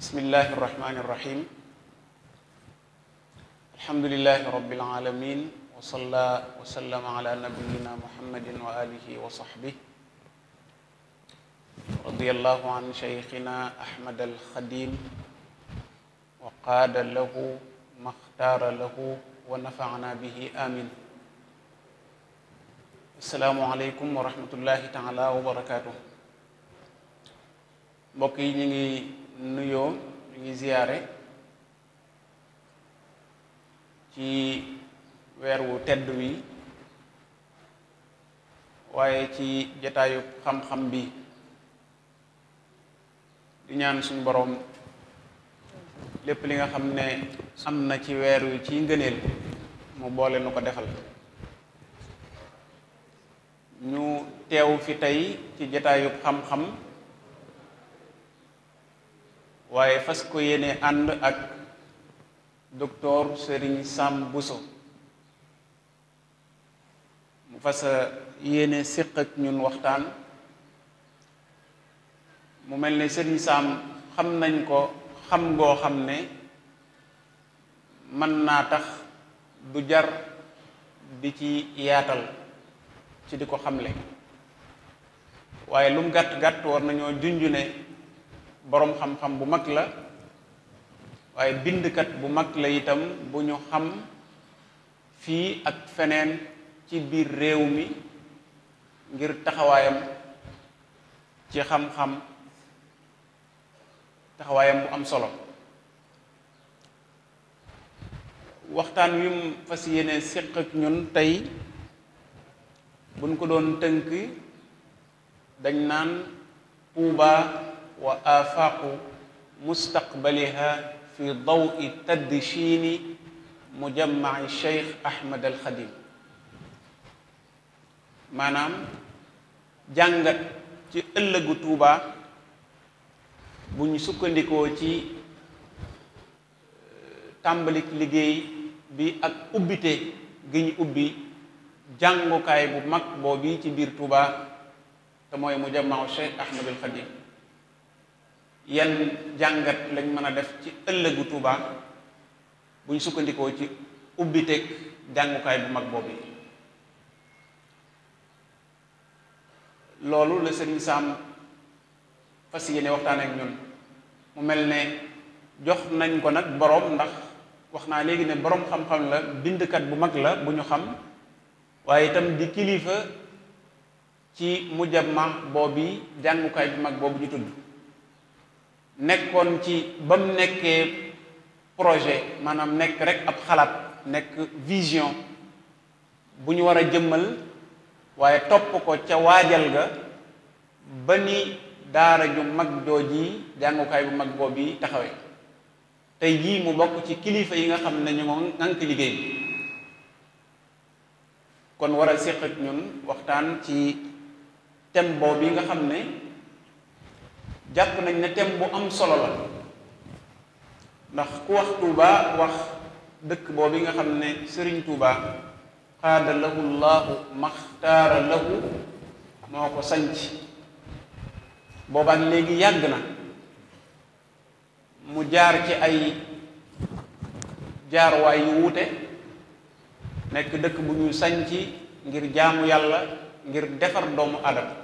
bismillahi irrahmani irrahim alhamdulilahi rabbil alamin wa salla wa sallama ala nabiyina muhammadin wa alihi wa sahbih radiallahu an cheikhina ahmad alxadim wa qaada lahu maxtaara lahu wa nafana bihi amin asalaamu aleykum wa rahmatullahi taala wa barakatuh mbokk yi ñu ngi nuyoo ñu ngi ziyaare ci weer wu tedd wi waaye ci jataayu xam-xam bi di ñaan suñ boroom lépp li nga xam ne am na ci weer wi ci ngëneel mu boole nu ko defal ñu teew fi tey ci jataayub xam-xam waaye fas ko yéene ànd ak docteur Serigne Sam Bousso mu fas yéene séq ak ñun waxtaan mu mel ni Serigne Sam xam nañ ko xam ngoo xam ne mën naa tax du jar di ci yaatal ci di ko xamle waaye lum gàtt gàtt war nañoo junj boroom xam-xam bu mag la waaye bindkat bu mag la itam bu ñu xam fii ak feneen ci biir réew mi ngir taxawaayam ci xam-xam taxawaayam bu am solo waxtaan wi mu fas yéene séq ak ñun tey buñ ko doon tënk dañ naan Tuubaa wa afaaqu mustaqbaliha fi dawi tadchini mujammaci cheikh ahmad alxadim maanaam jàngat ci ëllëgu tuubaa bu sukkandikoo ci euh, tàmbalik liggéey bi ak ubbite gi ñu ubbi jàngukaay bu mag boobu ci biir tuubaa te mooy mujammacu cheikh ahmad alxadim yan jàngat lañ mën a def ci ëllëgu Touba buñ sukkandikoo ci ubbi jàngukaay bu mag boobu yi loolu la sëriñ Sam fas yéene waxtaan ak ñun mu mel ne jox nañ ko nag boroom ndax wax naa léegi ne boroom xam-xam la bindkat bu mag la bu ñu xam waaye itam di kilifa ci mujjab ma boobu jàngukaay bu mag boobu ñu tudd nekkoon ci ba mu nekkee projet maanaam nekk rek ab xalaat nekk vision bu ñu war a jëmmal waaye topp ko ca waajal ga ba ni daara ju mag yi jàngukaay bu mag boobu bi taxawee tey jii mu bokk ci kilifa yi nga xam ne ñu ngànk liggéey kon war a séq ñun waxtaan ci thème boobu yi nga xam ne jàpp nañ ne thème bu am solo la ndax ku wax Touba wax dëkk boobu nga xam ne sëriñ Touba xaada lahu llahu maxtaara lahu moo ko sanc boobaak léegi yàgg na mu jaar ci ay jaarwaay yu wuute nekk dëkk bu ñu sanc ngir jaamu yàlla ngir defar doomu adama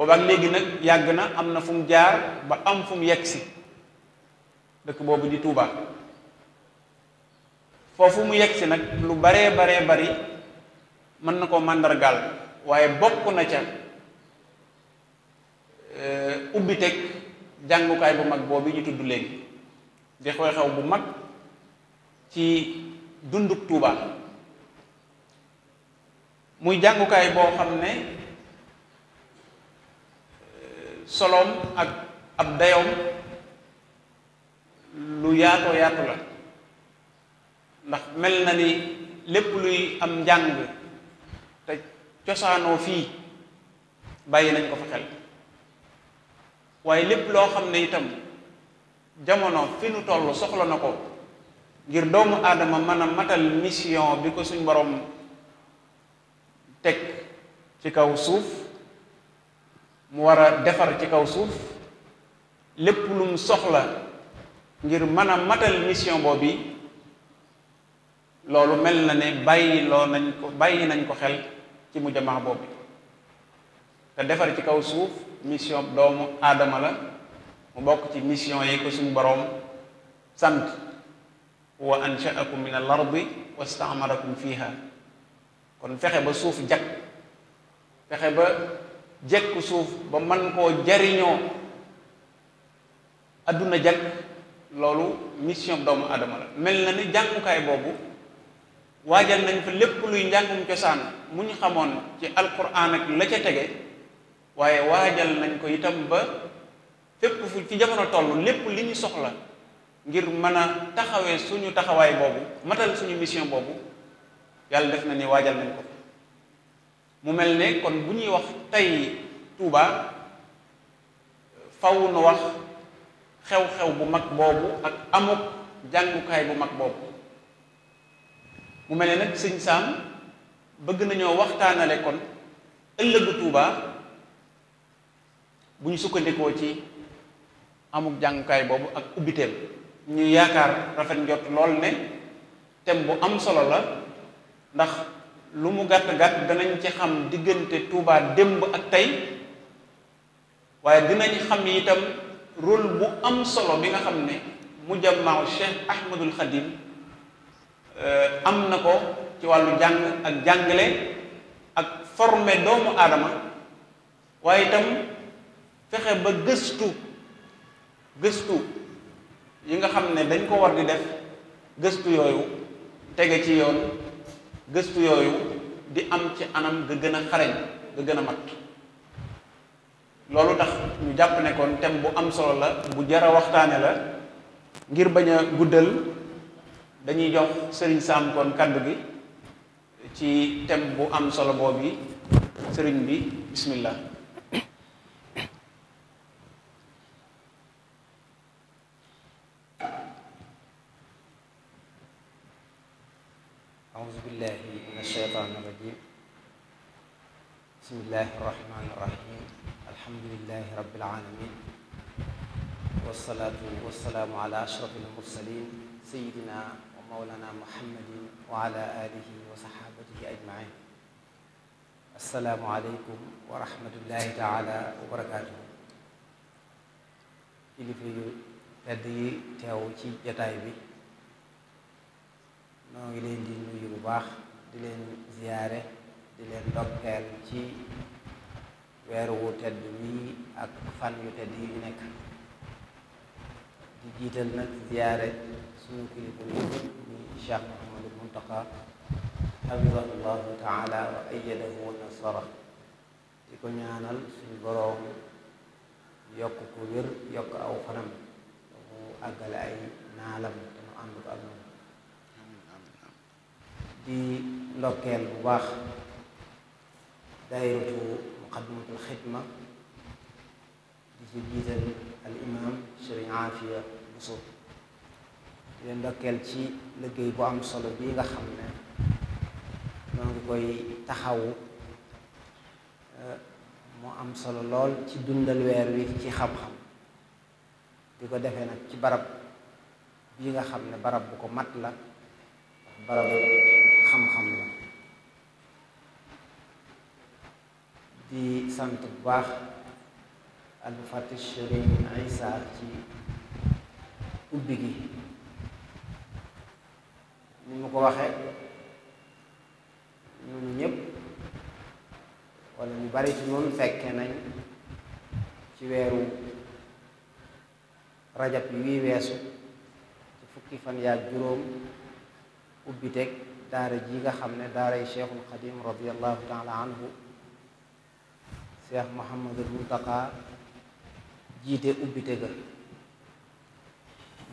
boobaak léegi nag yàgg na am na fum jaar ba am fu mu yegg si dëkk boobu di Touba foofu mu yegg si nag lu baree baree bari mën na koo màndargaal waaye bokk na ca eh, ubbi teg jàngukaay bu mag boobu ñu tudd léegi di xew-xew bu mag ci dunduk Touba muy jàngukaay boo xam ne soloom ak ab dayoom lu yaatoo yaatu la ndax mel na ni lépp luy am njàng te cosaanoo fii bàyyi nañ ko fa xel waaye lépp loo xam ne itam jamono fi nu toll soxla na ko ngir doomu aadama mën a matal mission bi ko suñ borom teg ci kaw suuf mu war a defar ci kaw suuf lépp lu mu soxla ngir mën matal mission boobu loolu mel na ne bàyyi loo nañ ko bàyyi nañ ko xel ci mu jamaa boobu te defar ci kaw suuf mission doomu aadama la mu bokk ci mission yi ko suñu boroom sant wa anshaakum min al ardi wastaamarakum kon fexe ba suuf jag fexe ba jekk suuf ba man koo jariñoo àdduna jekk loolu mission doomu adama la mel na ni jàngukaay boobu waajal nañ fa lépp luy njàngum cosaan mu ñu xamoon ci alquran ak la ca tege waaye waajal nañ ko itam ba fépp fu ci jamono toll lépp li ñu soxla ngir mën a taxawee suñu taxawaay boobu matal suñu mission boobu yàlla def na ni waajal nañ ko mu mel ne kon bu ñuy wax tey Touba faw nu wax xew-xew bu mag boobu ak amuk jàngukaay bu mag boobu mu mel ne nag sëñ Saam bëgg nañoo waxtaanale kon ëllëgu Touba bu ñu sukkandikoo ci amuk jàngukaay boobu ak ubbiteem ñu yaakaar rafet njot lool ne thème bu am solo la ndax lu mu gàtt-gàtt danañ ci xam diggante Touba démb ak tey waaye dinañ xam itam rôle bu am solo bi nga xam ne mujammaw Cheikh Ahmadul Khadim euh, am na ko ci wàllu jàng ak jàngale ak forme doomu aadama waaye itam fexe ba gëstu gëstu yi nga xam ne dañ ko war di def gëstu yooyu tege ci yoon gëstu yooyu di am ci anam ga gën a xarañ ga gën a mat loolu tax ñu jàpp nekkoon kon thème bu am solo la bu jara waxtaanee la ngir bañ a guddal dañuy jox sëriñ Sam kon kaddu gi ci thème bu am solo yi sëriñ bi bismillah أعوذ بالله من الشيطان الرجيم بسم الله الرحمن الرحيم الحمد لله رب العالمين والصلاة والسلام على أشرف المرسلين سيدنا ومولانا محمد وعلى آله وصحابته أجمعين السلام عليكم ورحمة الله تعالى وبركاته kilifa yu tedd yi teew ci jataay bi noo ngi leen di nuyu bu baax di leen ziyaare di leen ndokkeel ci weer wu tedd mi ak fan yu tedd yi nekk di jiital nag ziyaare suñu kilifa yi muy Cheikh Mouhamadou Mountakha xafidahu llahu taala wa ayadahu wa nasara di ko ñaanal suñu boroom yokk ko wér yokk aw fanam mu àggale ay naalam te mu ànd ko ak di ndokkeel bu baax daayiratu muqaddamatul xidma di ci jiital al imam sëriñ Aafiya liggéey bu am solo bii nga xam ne noo koy taxawu eh, mu am solo lool ci dundal weer wi ci xam-xam di ko defee nag ci barab bii nga xam ne barab bu ko mat la barabu xam-xam la di sant bu baax alfatih Sëriñ Isa ci ubbi gi ni mu ko waxee ñun ñëpp wala ñu bari ci ñoom fekkee nañ ci weeru rajab yi weesu ci fukki fan yaa juróom ubbi daara ji nga xam ne daaray cheikhul xadim radiallahu taala anhu cheikh mohamadul muntaka jiite ubbi tega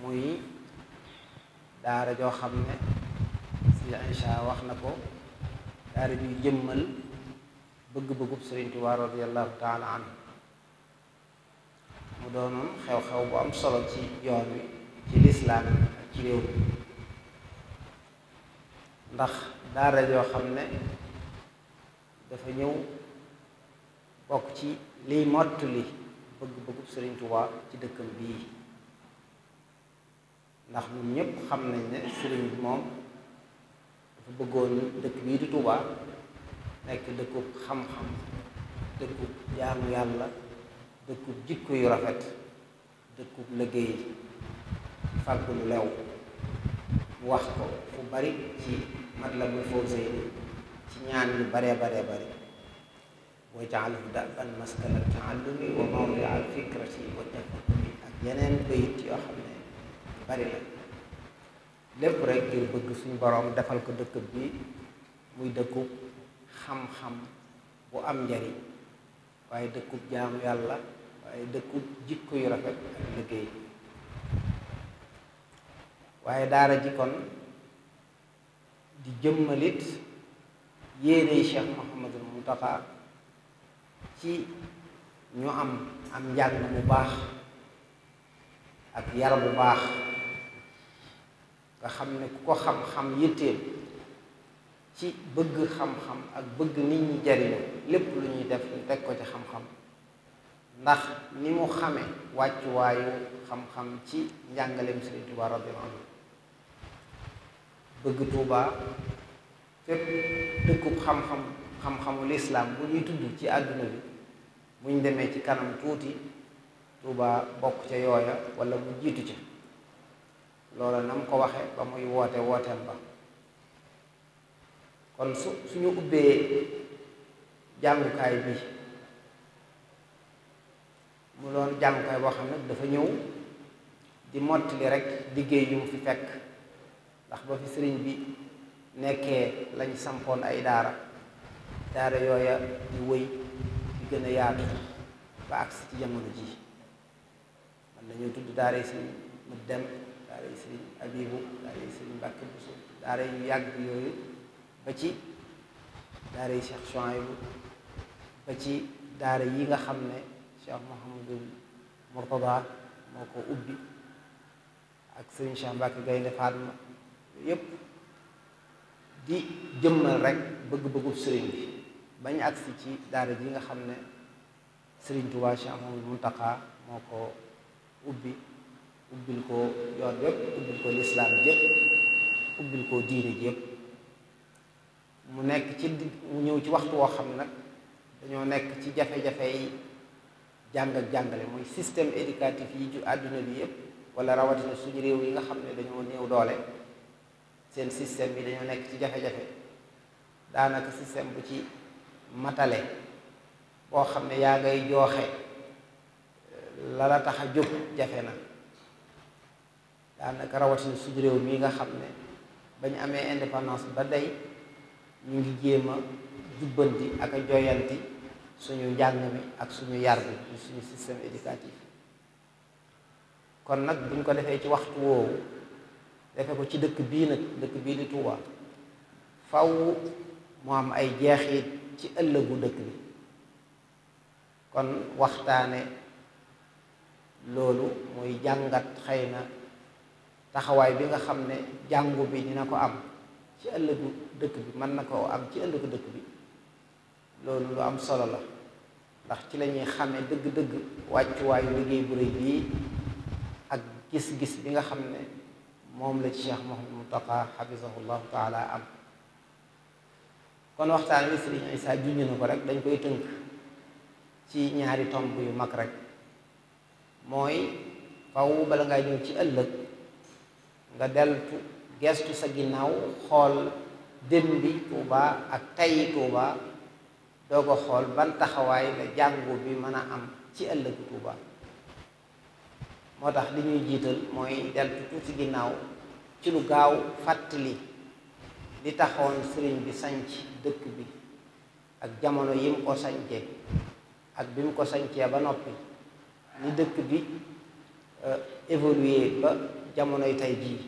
muy daara joo xam ne si incha wax na ko daara juy jëmmal bëgg-bëggub Sëriñ Tuubaa radiallahu taala mu doon xew-xew bu am solo ci yoon wi ci lislaam ci réew mi ndax daara joo xam ne dafa ñëw bokk ci liy mottali bëgg-bëggub Sëriñ Tuubaa ci dëkkam bii ndax mu ñëpp xam nañ ne sëriñ bi moom dafa bëggoon dëkk bii di Tuubaa nekk dëkkub xam-xam dëkkub jaamu yàlla dëkkub jikko yu rafet dëkkub liggéey fàggu lu lew wax ko fu bari ci Matlabul Fawzayni ci ñaan yu baree baree bari waj'alhu da'ban maskana ta'allumi wa mawdi'a fikrati wa tafakkuri ak yeneen bayit yoo xam ne bari la lépp rek ngir bëgg suñu boroom defal ko dëkk bi muy dëkkub xam-xam bu am njariñ waaye dëkku jaamu yàlla waaye dëkku jikko yu rafet ak liggéey waaye daara ji kon di jëmmalit yéeney Cheikh Mouhamadul Mountakha ci ñu am am njàng bu baax ak yaram bu baax nga xam ne ku ko xam-xam yitteel ci bëgg xam-xam ak bëgg nit ñi jariñu lépp lu ñuy def teg ko ci xam-xam ndax ni mu xame wàccuwaayu xam-xam ci njàngaleem Sëriñ Tuubaa radiyallaahu anhu bëgg tuubaa fépp dëkkub xam-xam xam-xamu lislaam bu ñuy tudd ci àdduna bi buñ demee ci kanam tuuti tuubaa bokk ca yooya wala mu jiitu ca loola na mu ko waxe ba muy woote wooteem ba kon su suñu ubbee jàngukaay bi mu doon jàngukaay boo xam ne dafa ñëw di mottali rekk liggéey yu fi fekk ndax ba fi sëriñ bi nekkee lañ sampoon ay daara daara yooya di wëy di gën a yaatu ba agsi ci jamono ji man nañoo tudd daara yi sëriñ mu dem daara yi sëriñ abibu daara yi sëriñ mbàkke buso daara yu yàgg yooyu ci daara yi daara yi nga xam ne cheikh mohamadul murtada moo ko ubbi ak sëriñ cheikh mbàkke gaynde Fatma yépp di jëmmal rek bëgg-bëggu sëriñ bi bañ agsi ci daara yi nga xam ne sëriñ Tuubaa Cheikh Ahmadou Muntaqa moo ko ubbi ubbil ko yoon yépp ubbil ko lislaam yépp ubbil ko diine ji mu nekk ci mu ñëw ci waxtu woo xam ne nag dañoo nekk ci jafe-jafe jàng ak jàngale mooy système éducatif yi ju àdduna bi yépp wala rawatina suñu réew yi nga xam ne dañoo néew doole seen système bi dañoo nekk ci jafe-jafe daanaka système bu ci matale boo xam ne yaa ngay jooxe la tax a jóg jafe na daanaka rawatina suñu réew mii nga xam ne ba ñu amee indépendance ba day ñu ngi jéem a jubbanti ak a joyanti suñu njàng mi ak suñu yar bi suñu système éducatif kon nag buñ ko defee ci waxtu woowu defe ko ci dëkk bii nag dëkk bii di Touba faw mu am ay jeexit ci ëllëgu dëkk bi kon waxtaane loolu muy jàngat xëy na taxawaay bi nga xam ne jàngu bi dina ko am ci ëllëgu dëkk bi mën na ko am ci ëllëgu dëkk bi loolu lu am solo la ndax ci lañuy xame dëgg-dëgg wàccuwaayu liggéey bu rëy bii ak gis-gis bi nga xam ne moom la ci Cheikh Mouhamadou Mountakha xafisahullahu taala am kon waxtaan wi Sëriñ Isaa ko rek dañ koy tënk ci ñaari tomb yu mag rek mooy faw bala ngaa ñëw ci ëllëg nga deltu gestu sa ginnaaw xool dém bi tuubaa ak tayi tuubaa doo ko xool ban taxawaay la jàngu bi mën a am ci ëllëg tuubaa moo tax li ñuy jiital mooy deltu tuuti ginnaaw ci lu gaaw fàttali li taxoon sëriñ bi sañc dëkk bi ak jamono yi mu ko sancee ak bi mu ko sancee ba noppi ni dëkk bi eh, évolué ba jamonoy tey bii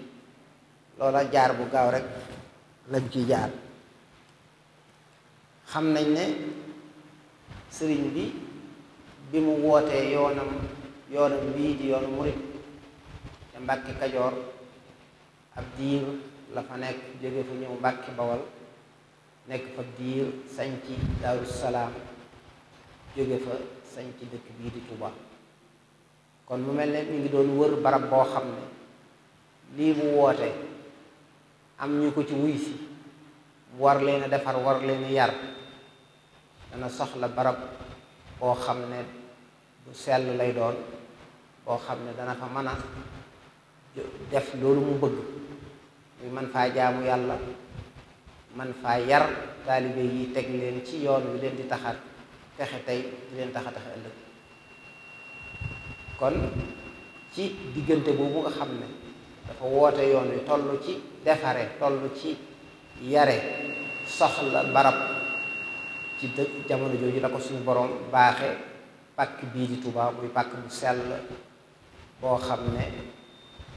loola jaar bu gaaw rek lañ ci jaar xam nañ ne sëriñ bi bi mu wootee yoonam yoonam bii di yoonu murit te mbàkki kajoor ab diir la fa nekk jóge fa ñëw mbàkki bawal nekk fa diir sañci daaru salaam jóge fa sañci dëkk bii di Tuuba kon mu mel ne mi ngi doon wër barab boo xam ne lii mu woote am ñu ko ci wuy si mu war leen defar war leen yar dana soxla barab boo xam ne bu sell lay doon foo xam ne dana fa mën a def loolu mu bëgg muy man faa jaamu yàlla man faa yar taalibe yi teg leen ci yoon wi leen di taxat texe tey di leen taxa texe ëllëg kon ci diggante boobu nga xam ne dafa woote yoon wi tollu ci defare toll ci yare soxla barab ci dëkk jamono jooju la ko suñu boroom baaxe pàkk bii di Tuubaa muy pàkk bu sell boo xam ne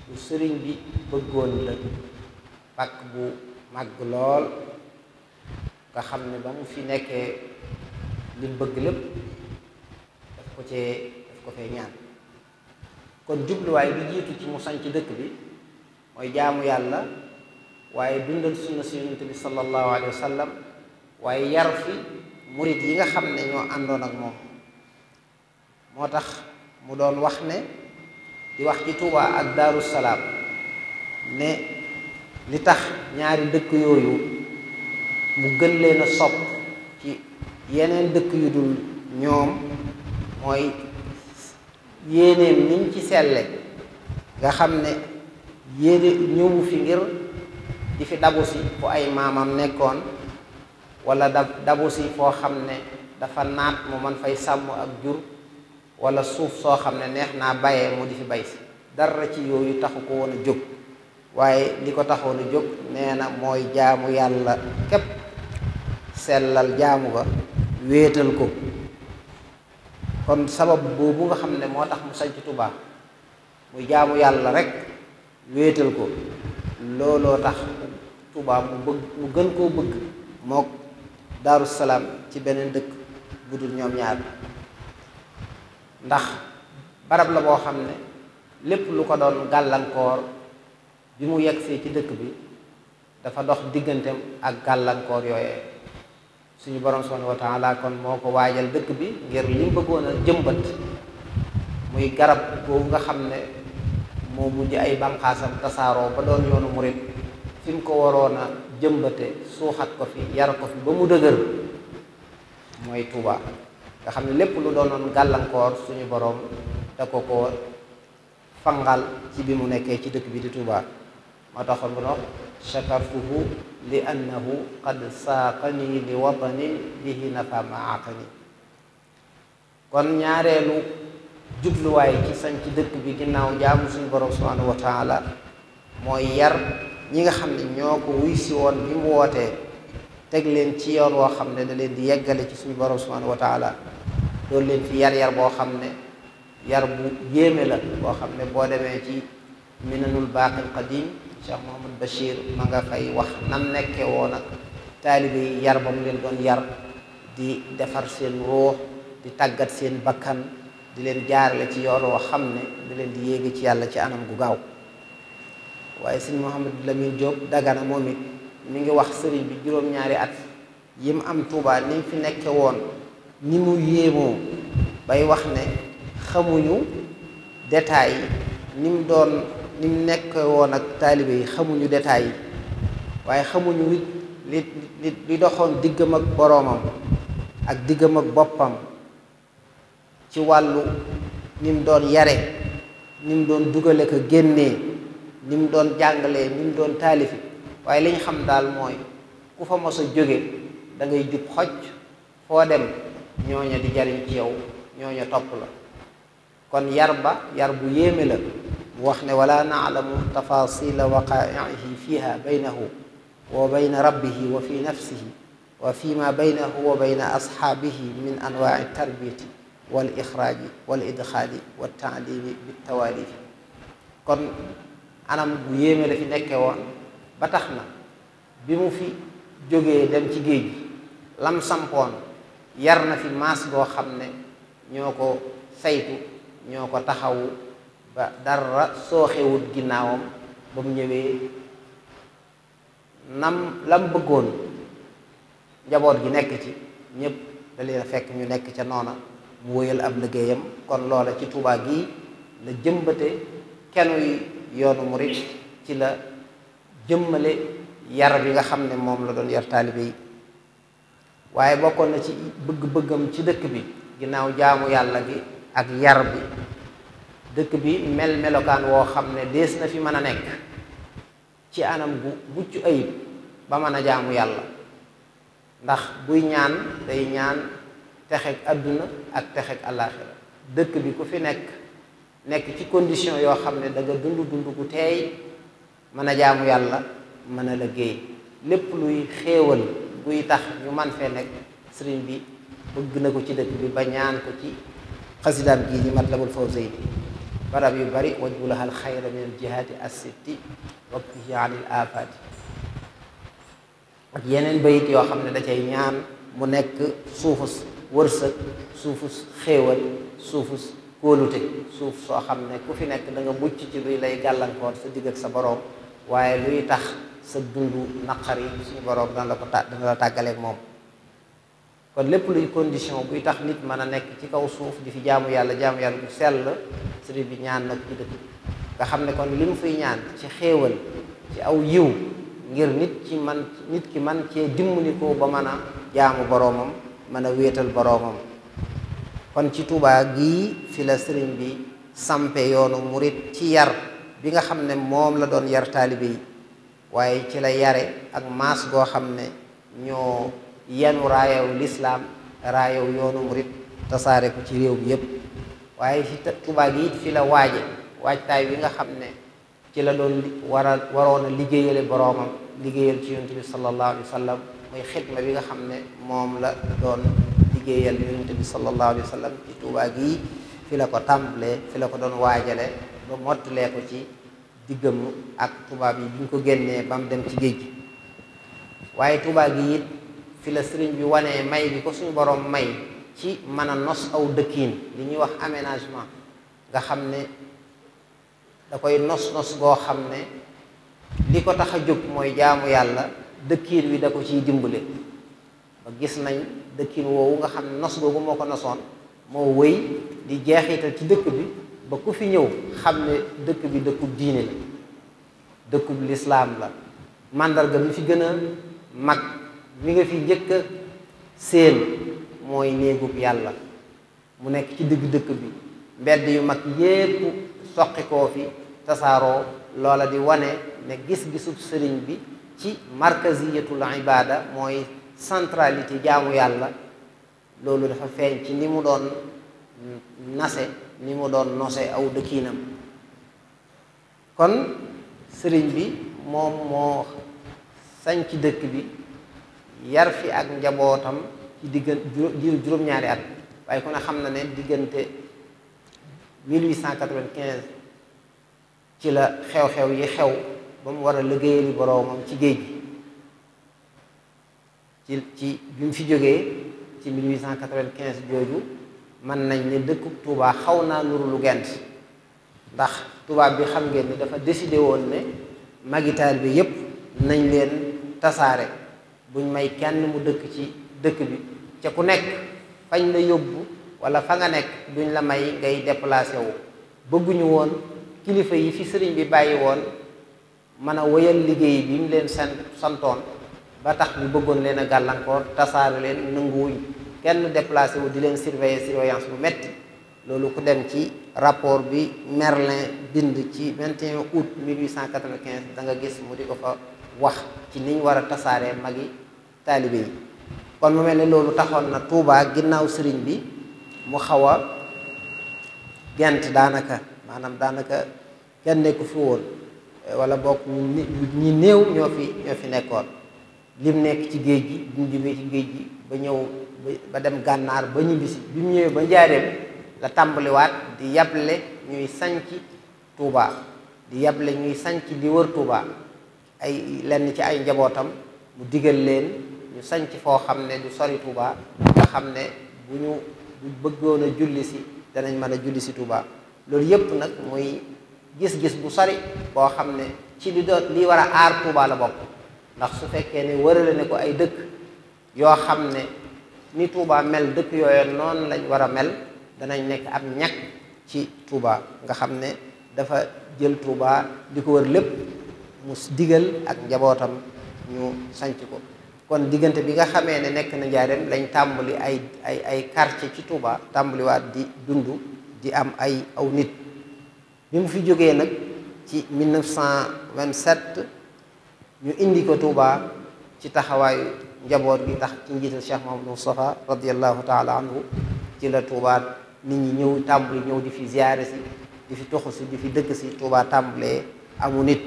bu sëriñ bi bëggoon la pàkk bu màgg lool nga xam ne ba mu fi nekkee li bëgg lépp daf ko cee daf ko fee ñaan kon jubluwaay bi jiitu ci mu sanc dëkk bi mooy jaamu yàlla waaye dundal sunna si yonent bi sallallahu alayhi wa waaye yar fi murit yi nga xam ne ñoo àndoon ak moom moo tax mu doon wax ne di wax ci Touba ak Daaru Salaam ne li tax ñaari dëkk yooyu mu gën leen sob sopp ci yeneen dëkk yu dul ñoom mooy yéeneem niñ ci selle nga xam ne yéene ñëwu fi ngir di fi dabu si fu ay maamam nekkoon wala da dabu si foo xam ne dafa naat mu man fay sàmm ak jur wala suuf soo xam ne neex naa bayee mu di fi bay si dara ci yooyu taxu ko woon a jóg waaye li ko taxoon a jóg nee na mooy jaamu yàlla képp sellal jaamu ba wéetal ko kon sabab boobu nga xam ne moo tax mu sanc tubaa muy jaamu yàlla rek wéetal ko looloo tax Tuubaa mu bëgg mu gën koo bëgg mook Daaru Salaam ci beneen dëkk bu dul ñoom ñaar ndax barab la boo xam ne lépp lu ko doon gàllankoor bi mu yegsee ci dëkk bi dafa dox digganteem ak gàllankoor yooyee suñu borom subhanahu wa taala kon moo ko waajal dëkk bi ngir li mu bëggoon a jëmbat muy garab boobu nga xam ne moo mujj ay banqaasam tasaaroo ba doon yoonu murit fi mu ko waroon a suuxat ko fi yar ko fi ba mu dëgër mooy Tuubaa nga xam ne lépp lu doonoon gàllankoor suñu boroom da ko ko fangal ci bi mu nekkee ci dëkk bi di Tuubaa moo taxoon bu no chakartuhu li annahu qad saaqani li watani bihi kon ñaareelu jubluwaay ci sañ ci dëkk bi ginnaaw jaamu suñu boroom subhanahu wa taala mooy yar ñi nga xam ne ñoo ko wuy si woon mi mu wootee teg leen ci yoon woo xam ne da leen di yeggale ci suñu boroom subhanahu wa taala doon leen ci yar yar boo xam ne yar bu yéeme la boo xam ne boo demee ci minanul baaqil qadim Cheikh Mouhamad Bachir ma nga fay wax nam nekke woon ak taalibe yi yar ba leen doon yar di defar seen ruux di tàggat seen bakkan di leen jaarale ci yoon woo xam ne di leen di yéegi ci yàlla ci anam gu gaaw waaye si Mouhamad Lamine Diop Dagana moom it mi ngi wax sëriñ bi juróom-ñaari at yim am Tuubaa ni fi nekke woon ni mu yéemoo bay wax ne xamuñu détails yi ni mu doon ni mu nekk woon ak taalibe yi xamuñu détails yi waaye xamuñu it li li doxoon diggam ak boroomam ak diggam ak boppam ci wàllu ni mu doon yare ni mu doon dugale ko génnee ni mu doon jàngale ni mu doon taalifi waaye li xam daal mooy ku fa mos a jóge dangay ngay jub xoj foo dem ñooña di jariñ ci yow ñooña topp kon yar ba yar bu yéeme la mu wax ne wala naalamu fiha baynahu wa bayna rabbihi wa fi nafsihi wa fi ma wa bayna asxaabihi min anwaai tarbiyati wal ixraaji wa taalimi kon anam bu yéeme la fi nekke woon ba na bi mu fi jógee dem ci géej gi lam sampoon yar na fi maas boo xam ne ñoo ko saytu ñoo ko taxawu ba dara xewut ginnaawam ba mu ñëwee nam lam bëggoon njaboot gi nekk ci ñépp da leen fekk ñu nekk ca noona mu wóyal ab liggéeyam kon loola ci Tuubaa gi la jëmbate kenuy yoonu murit ci la jëmmale yar bi nga xam ne moom la doon yar taalibe yi waaye bokkoon na ci bëgg-bëggam ci dëkk bi ginnaaw jaamu yàlla gi ak yar bi dëkk bi mel melokaan woo xam ne dees na fi mën a nekk ci anam gu mucc ayib ba mën a jaamu yàlla ndax buy ñaan day ñaan texeg àdduna ak texeg àllaaxira dëkk bi ku fi nekk nekk ci condition yoo xam ne da nga dund gu teey mën a jaamu yàlla mën a liggéey lépp luy xéewal buy tax ñu man fee nekk sëriñ bi bëgg na ko ci dëkk bi ba ñaan ko ci xasidaam gii di matlabul fawzayni barab yu bari wajbu laha al xayra min al jihaati assitti wabtihi an il afaati ak yeneen bayit yoo xam ne dacay ñaan mu nekk suufus wërsëg suufus xéewal suufus kóolute suuf soo xam ne ku fi nekk da nga mucc ci luy lay gàllankoor sa digg sa boroom waaye luy tax sa dundu naqar yi suñu borom dana la ko ta dana la tàggaleeg moom kon lépp luy condition buy tax nit mën a nekk ci kaw suuf di fi jaamu yàlla jaamu yàlla bu sell sëriñ bi ñaan nag ci nga xam ne kon li mu fiy ñaan ci xéewal ci aw yiw ngir nit ci man nit ki man cee dimbali ko ba mën a jaamu boroomam mën a wéetal boroomam kon ci Tuubaa gii fi la sëriñ bi sampe yoonu murit ci yar bi nga xam ne moom la doon yar taalibe yi waaye ci la yare ak maas goo xam ne ñoo yenu raayaw lislaam raayaw yoonu murit tasaare ko ci réew mi yépp waaye fi Tuubaa gi it fi la waaje nga xam ne ci la doon war a waroon a liggéeyale boroomam liggéeyal ci yonent bi sallallahu alayhi wa sallam muy xidma nga xam ne moom la doon liggéeyal yonent bi sallallahu alayhi gi fi la ko tàmbalee fi la ko doon waajale ba mottalee ko ci diggam ak tubaab yi bi ñu ko génnee ba mu dem ci géej gi waaye Tuubaa gi it fi la sëriñ bi wanee may bi ko suñu boroom may ci mën a nos aw dëkkiin li ñuy wax aménagement nga xam ne da koy nos nos goo xam ne li ko tax a jóg mooy jaamu yàlla dëkkiin wi da ko ciy dimbale ba gis nañ dëkkiin woowu nga xam ne nos googu moo ko nosoon moo wëy di jeexital ci dëkk bi ba ku fi ñëw xam ne dëkk bi dëkkub diine la dëkkub lislaam la màndarga mi fi gën a mag mu nga fi njëkk a seen mooy néegub yàlla mu nekk ci digg dëkk bi mbedd yu mag yépp soqi fi tasaaroo loola di wane ne gis-gisub sëriñ bi ci markaziyatul ibada mooy centralité jaamu yàlla loolu dafa feeñ ci ni mu doon nase ni mu doon nose aw dëkkiinam kon sëriñ bi moom moo sañc dëkk bi yar fi ak njabootam ci diggante juróom-ñaari at waaye ku ne xam na ne diggante 1895 ci la xew-xew yi xew ba mu war a liggéeyali boroomam ci géej gi ci ci bi mu fi jógee ci 1895 jooju man nañ ne dëkkub Touba xaw naa nuru lu gent ndax tubaab bi xam ngeen ni dafa décidé woon ne magitaal bi yépp nañ leen tasaare buñ may kenn mu dëkk ci dëkk bi ca ku nekk fañ la yóbbu wala fa nga nekk duñ la may ngay déplacé wu bëgguñu woon kilifa yi fi sëriñ bi bàyyi woon mën a wéyal liggéey bi mu leen sant santoon ba tax ñu bëggoon leen a gàllankoor tasaare leen nanguwuñ kenn déplacé wu di leen surveiller surveillance bu metti loolu ku dem ci rapport bi Merlin bind ci 21 août 1895 da nga gis mu di ko fa wax ci niñ war a tasaaree magi taalibe yi kon mu mel ni loolu taxoon na Touba ginnaaw sëriñ bi mu xaw a gent daanaka maanaam daanaka kenn nekku fi woon walla bokk ñi néew ñoo fi ñoo fi nekkoon lim nekk ci géej gi bu mu ci géej gi ba ñëw ba dem gànnaar ba ñibbisi bi mu ñëwee ba njaareem la tàmbaliwaat di yable ñuy sañc Touba di yable ñuy sanc di war Touba ay lenn ci ay njabootam mu digal leen ñu sanc foo xam ne du sori Touba nga xam ne bu ñu bu bëggoon a julli si danañ mën a julli si Touba loolu yépp nag muy gis-gis bu sori boo xam ne ci li doon li war a aar Touba la bokk ndax su fekkee ne wërale ne ko ay dëkk yoo xam ne ni Touba mel dëkk yooyu noonu lañ war a mel danañ nekk am ñàkk ci Touba nga xam ne dafa jël Touba di ko wër lépp mu digal ak njabootam ñu sanc ko kon diggante bi nga xamee ne nekk na njaareem lañ tàmbali ay ay ay quartier ci Touba tàmbaliwaat di dund di am ay aw nit bi mu fi jógee nag ci 1927 ñu indi ko tuubaa ci taxawaayu njaboot gi ndax ci njiital Cheikh Mahamadou Moustapha radiallahu taala anhu ci la Touba nit ñi ñëw tàmbali ñëw di fi ziyaare si di fi toxu si di fi dëkk si Touba tàmbalee amu nit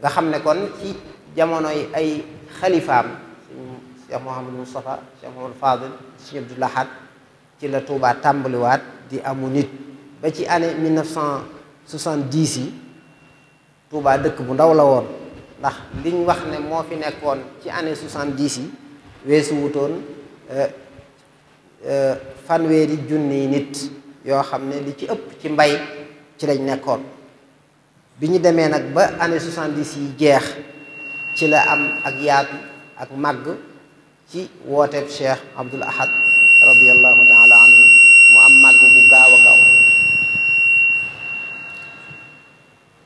nga xam ne kon ci jamonoy ay xalifaam Cheikh Mouhamadou Moustapha Cheikh Mouhamadou Fadil Cheikh ci la Touba tàmbaliwaat di amu nit ba ci année 1970 yi Touba dëkk bu ndaw la woon ndax liñ wax ne moo fi nekkoon ci année soixante-dix yi weesu wutoon euh, euh, fanweeri junni nit yoo xam ne li ci ëpp ci mbay ci lañ nekkoon bi ñu demee nag ba année soixante-dix yi jeex ci la am ak yaatu ak màgg ci wooteeb Cheikh Abdul Ahad radiallahu taala anhu mu am màgg bu gaaw a gaaw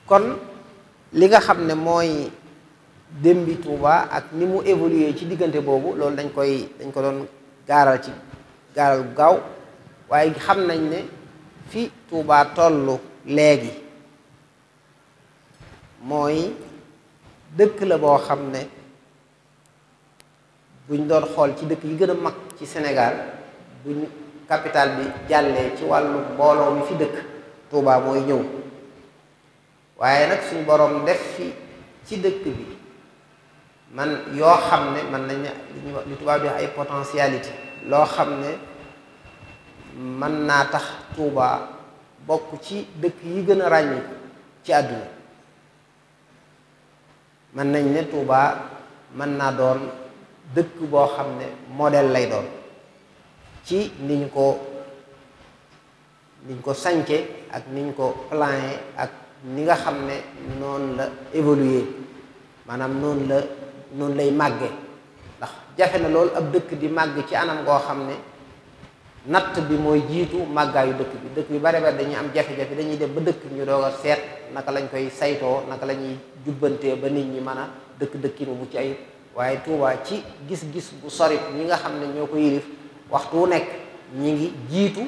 kon li nga xam ne mooy dem bi Touba ak ni mu évolué ci diggante boobu loolu dañ koy dañ ko doon gaaral ci gaaral bu gaaw waaye xam nañ ne fi Touba tollu léegi mooy dëkk la boo xam ne buñ doon xool ci dëkk yi gën a mag ci Sénégal buñ capital bi jàllee ci wàllu mbooloo mi fi dëkk Touba mooy ñëw waaye nag suñ boroom def fi ci dëkk bi man yoo xam ne man nañ li tubaab di wax ay potentialité loo xam ne mën naa tax Touba bokk ci dëkk yi gën a ràññ ci àdduna mën nañ ne Touba mën naa doon dëkk boo xam ne modèle lay doon ci niñ ko niñ ko sànce ak niñ ko plané ak ni nga xam ne noonu la évoluer maanaam noonu la noonu lay màggee ndax jafe na loolu ab dëkk di màgg ci anam goo xam ne natt bi mooy jiitu màggaayu dëkk bi dëkk bi bare bare dañuy am jafe-jafe dañuy dem ba dëkk ñu doog a seet naka lañ koy saytoo naka la ñuy jubbantee ba nit ñi mën a dëkk-dëkkin bu ci ay waaye Tuubaa ci gis-gis bu sorit ñi nga xam ne ñoo ko yilif waxtu wu nekk ñi ngi jiitu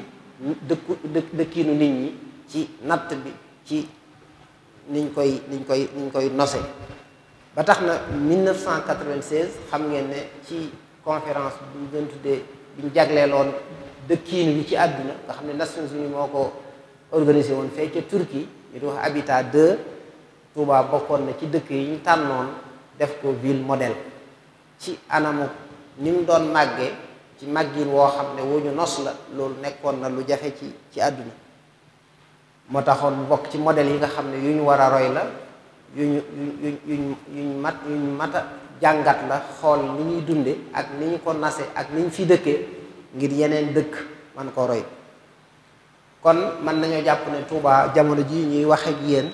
dëkku dëkkiinu nit ñi ci natt bi ci niñ koy niñ koy niñ koy nose ba tax na 1996 xam ngeen ne ci conférence bu ñu gën tuddee bi ñu jagleeloon dëkkiin wi ci àdduna nga xam ne Nations Unies moo ko organisé woon fee ca Turquie ñu di wax Habitat 2 Touba bokkoon na ci dëkk yi ñu tànnoon def ko ville modèle ci anamu ni mu doon màggee ci màggin woo xam ne wu ñu nos la loolu nekkoon na lu jafe ci ci àdduna moo taxoon mu bokk ci modèle yi nga xam ne yu ñu war a roy la yuñ yuñ yuñ yuñ mat yuñ mata jàngat la xool ni ñuy dunde ak ni ñu ko nase ak ni ñu fi dëkkee ngir yeneen dëkk man ko roy kon mën nañoo jàpp ne Touba jamono ji ñuy wax ak yéen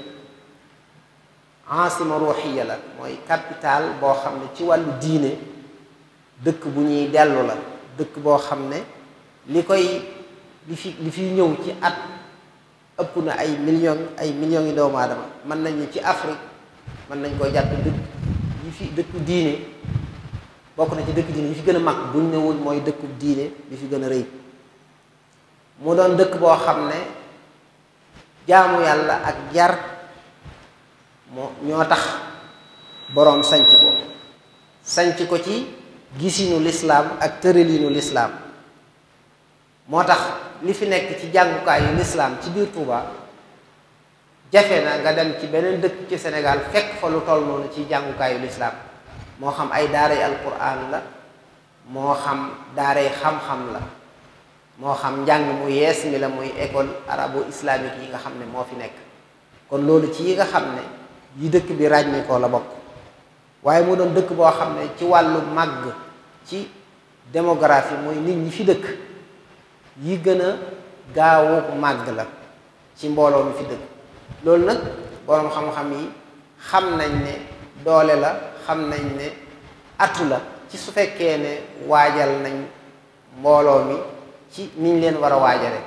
asima ruuxiya la mooy capital boo xam ne ci wàllu diine dëkk bu ñuy dellu la dëkk boo xam ne li koy li fi li fiy ñëw ci at ëpp na ay millions ay millions yi doomu mën nañu ci Afrique mën nañ koo jàpp dëkk yi fi dëkku diine bokk na ci dëkk diine yi fi gën a mag buñ mooy dëkku diine bi fi gën a rëy mu doon dëkk boo xam ne jaamu yàlla ak jar moo ñoo tax boroom sanc ko sanc ko ci gisinu lislaam ak tëralinu lislaam moo tax li fi nekk ci jàngukaayu lislaam ci biir tuuba jafe na nga dem ci beneen dëkk ci senegal fekk fa lu toll noonu ci jàngukaayu lislaam moo xam ay daaray alquran la moo xam daaray xam-xam la moo xam njàng mu yees mi la muy école arabo islamique yi nga xam ne moo fi nekk kon loolu ci yi nga xam ne yi dëkk bi ràññeekoo la bokk waaye mu doon dëkk boo xam ne ci wàllu màgg ci démographie mooy nit ñi fi dëkk yi gën a gaawu màgg la ci mbooloo mi fi dëgg loolu nag boroom xam-xam yi xam nañ ne doole la xam nañ ne atu la ci su fekkee ne waajal nañ mbooloo mi ci niñ leen war a waajale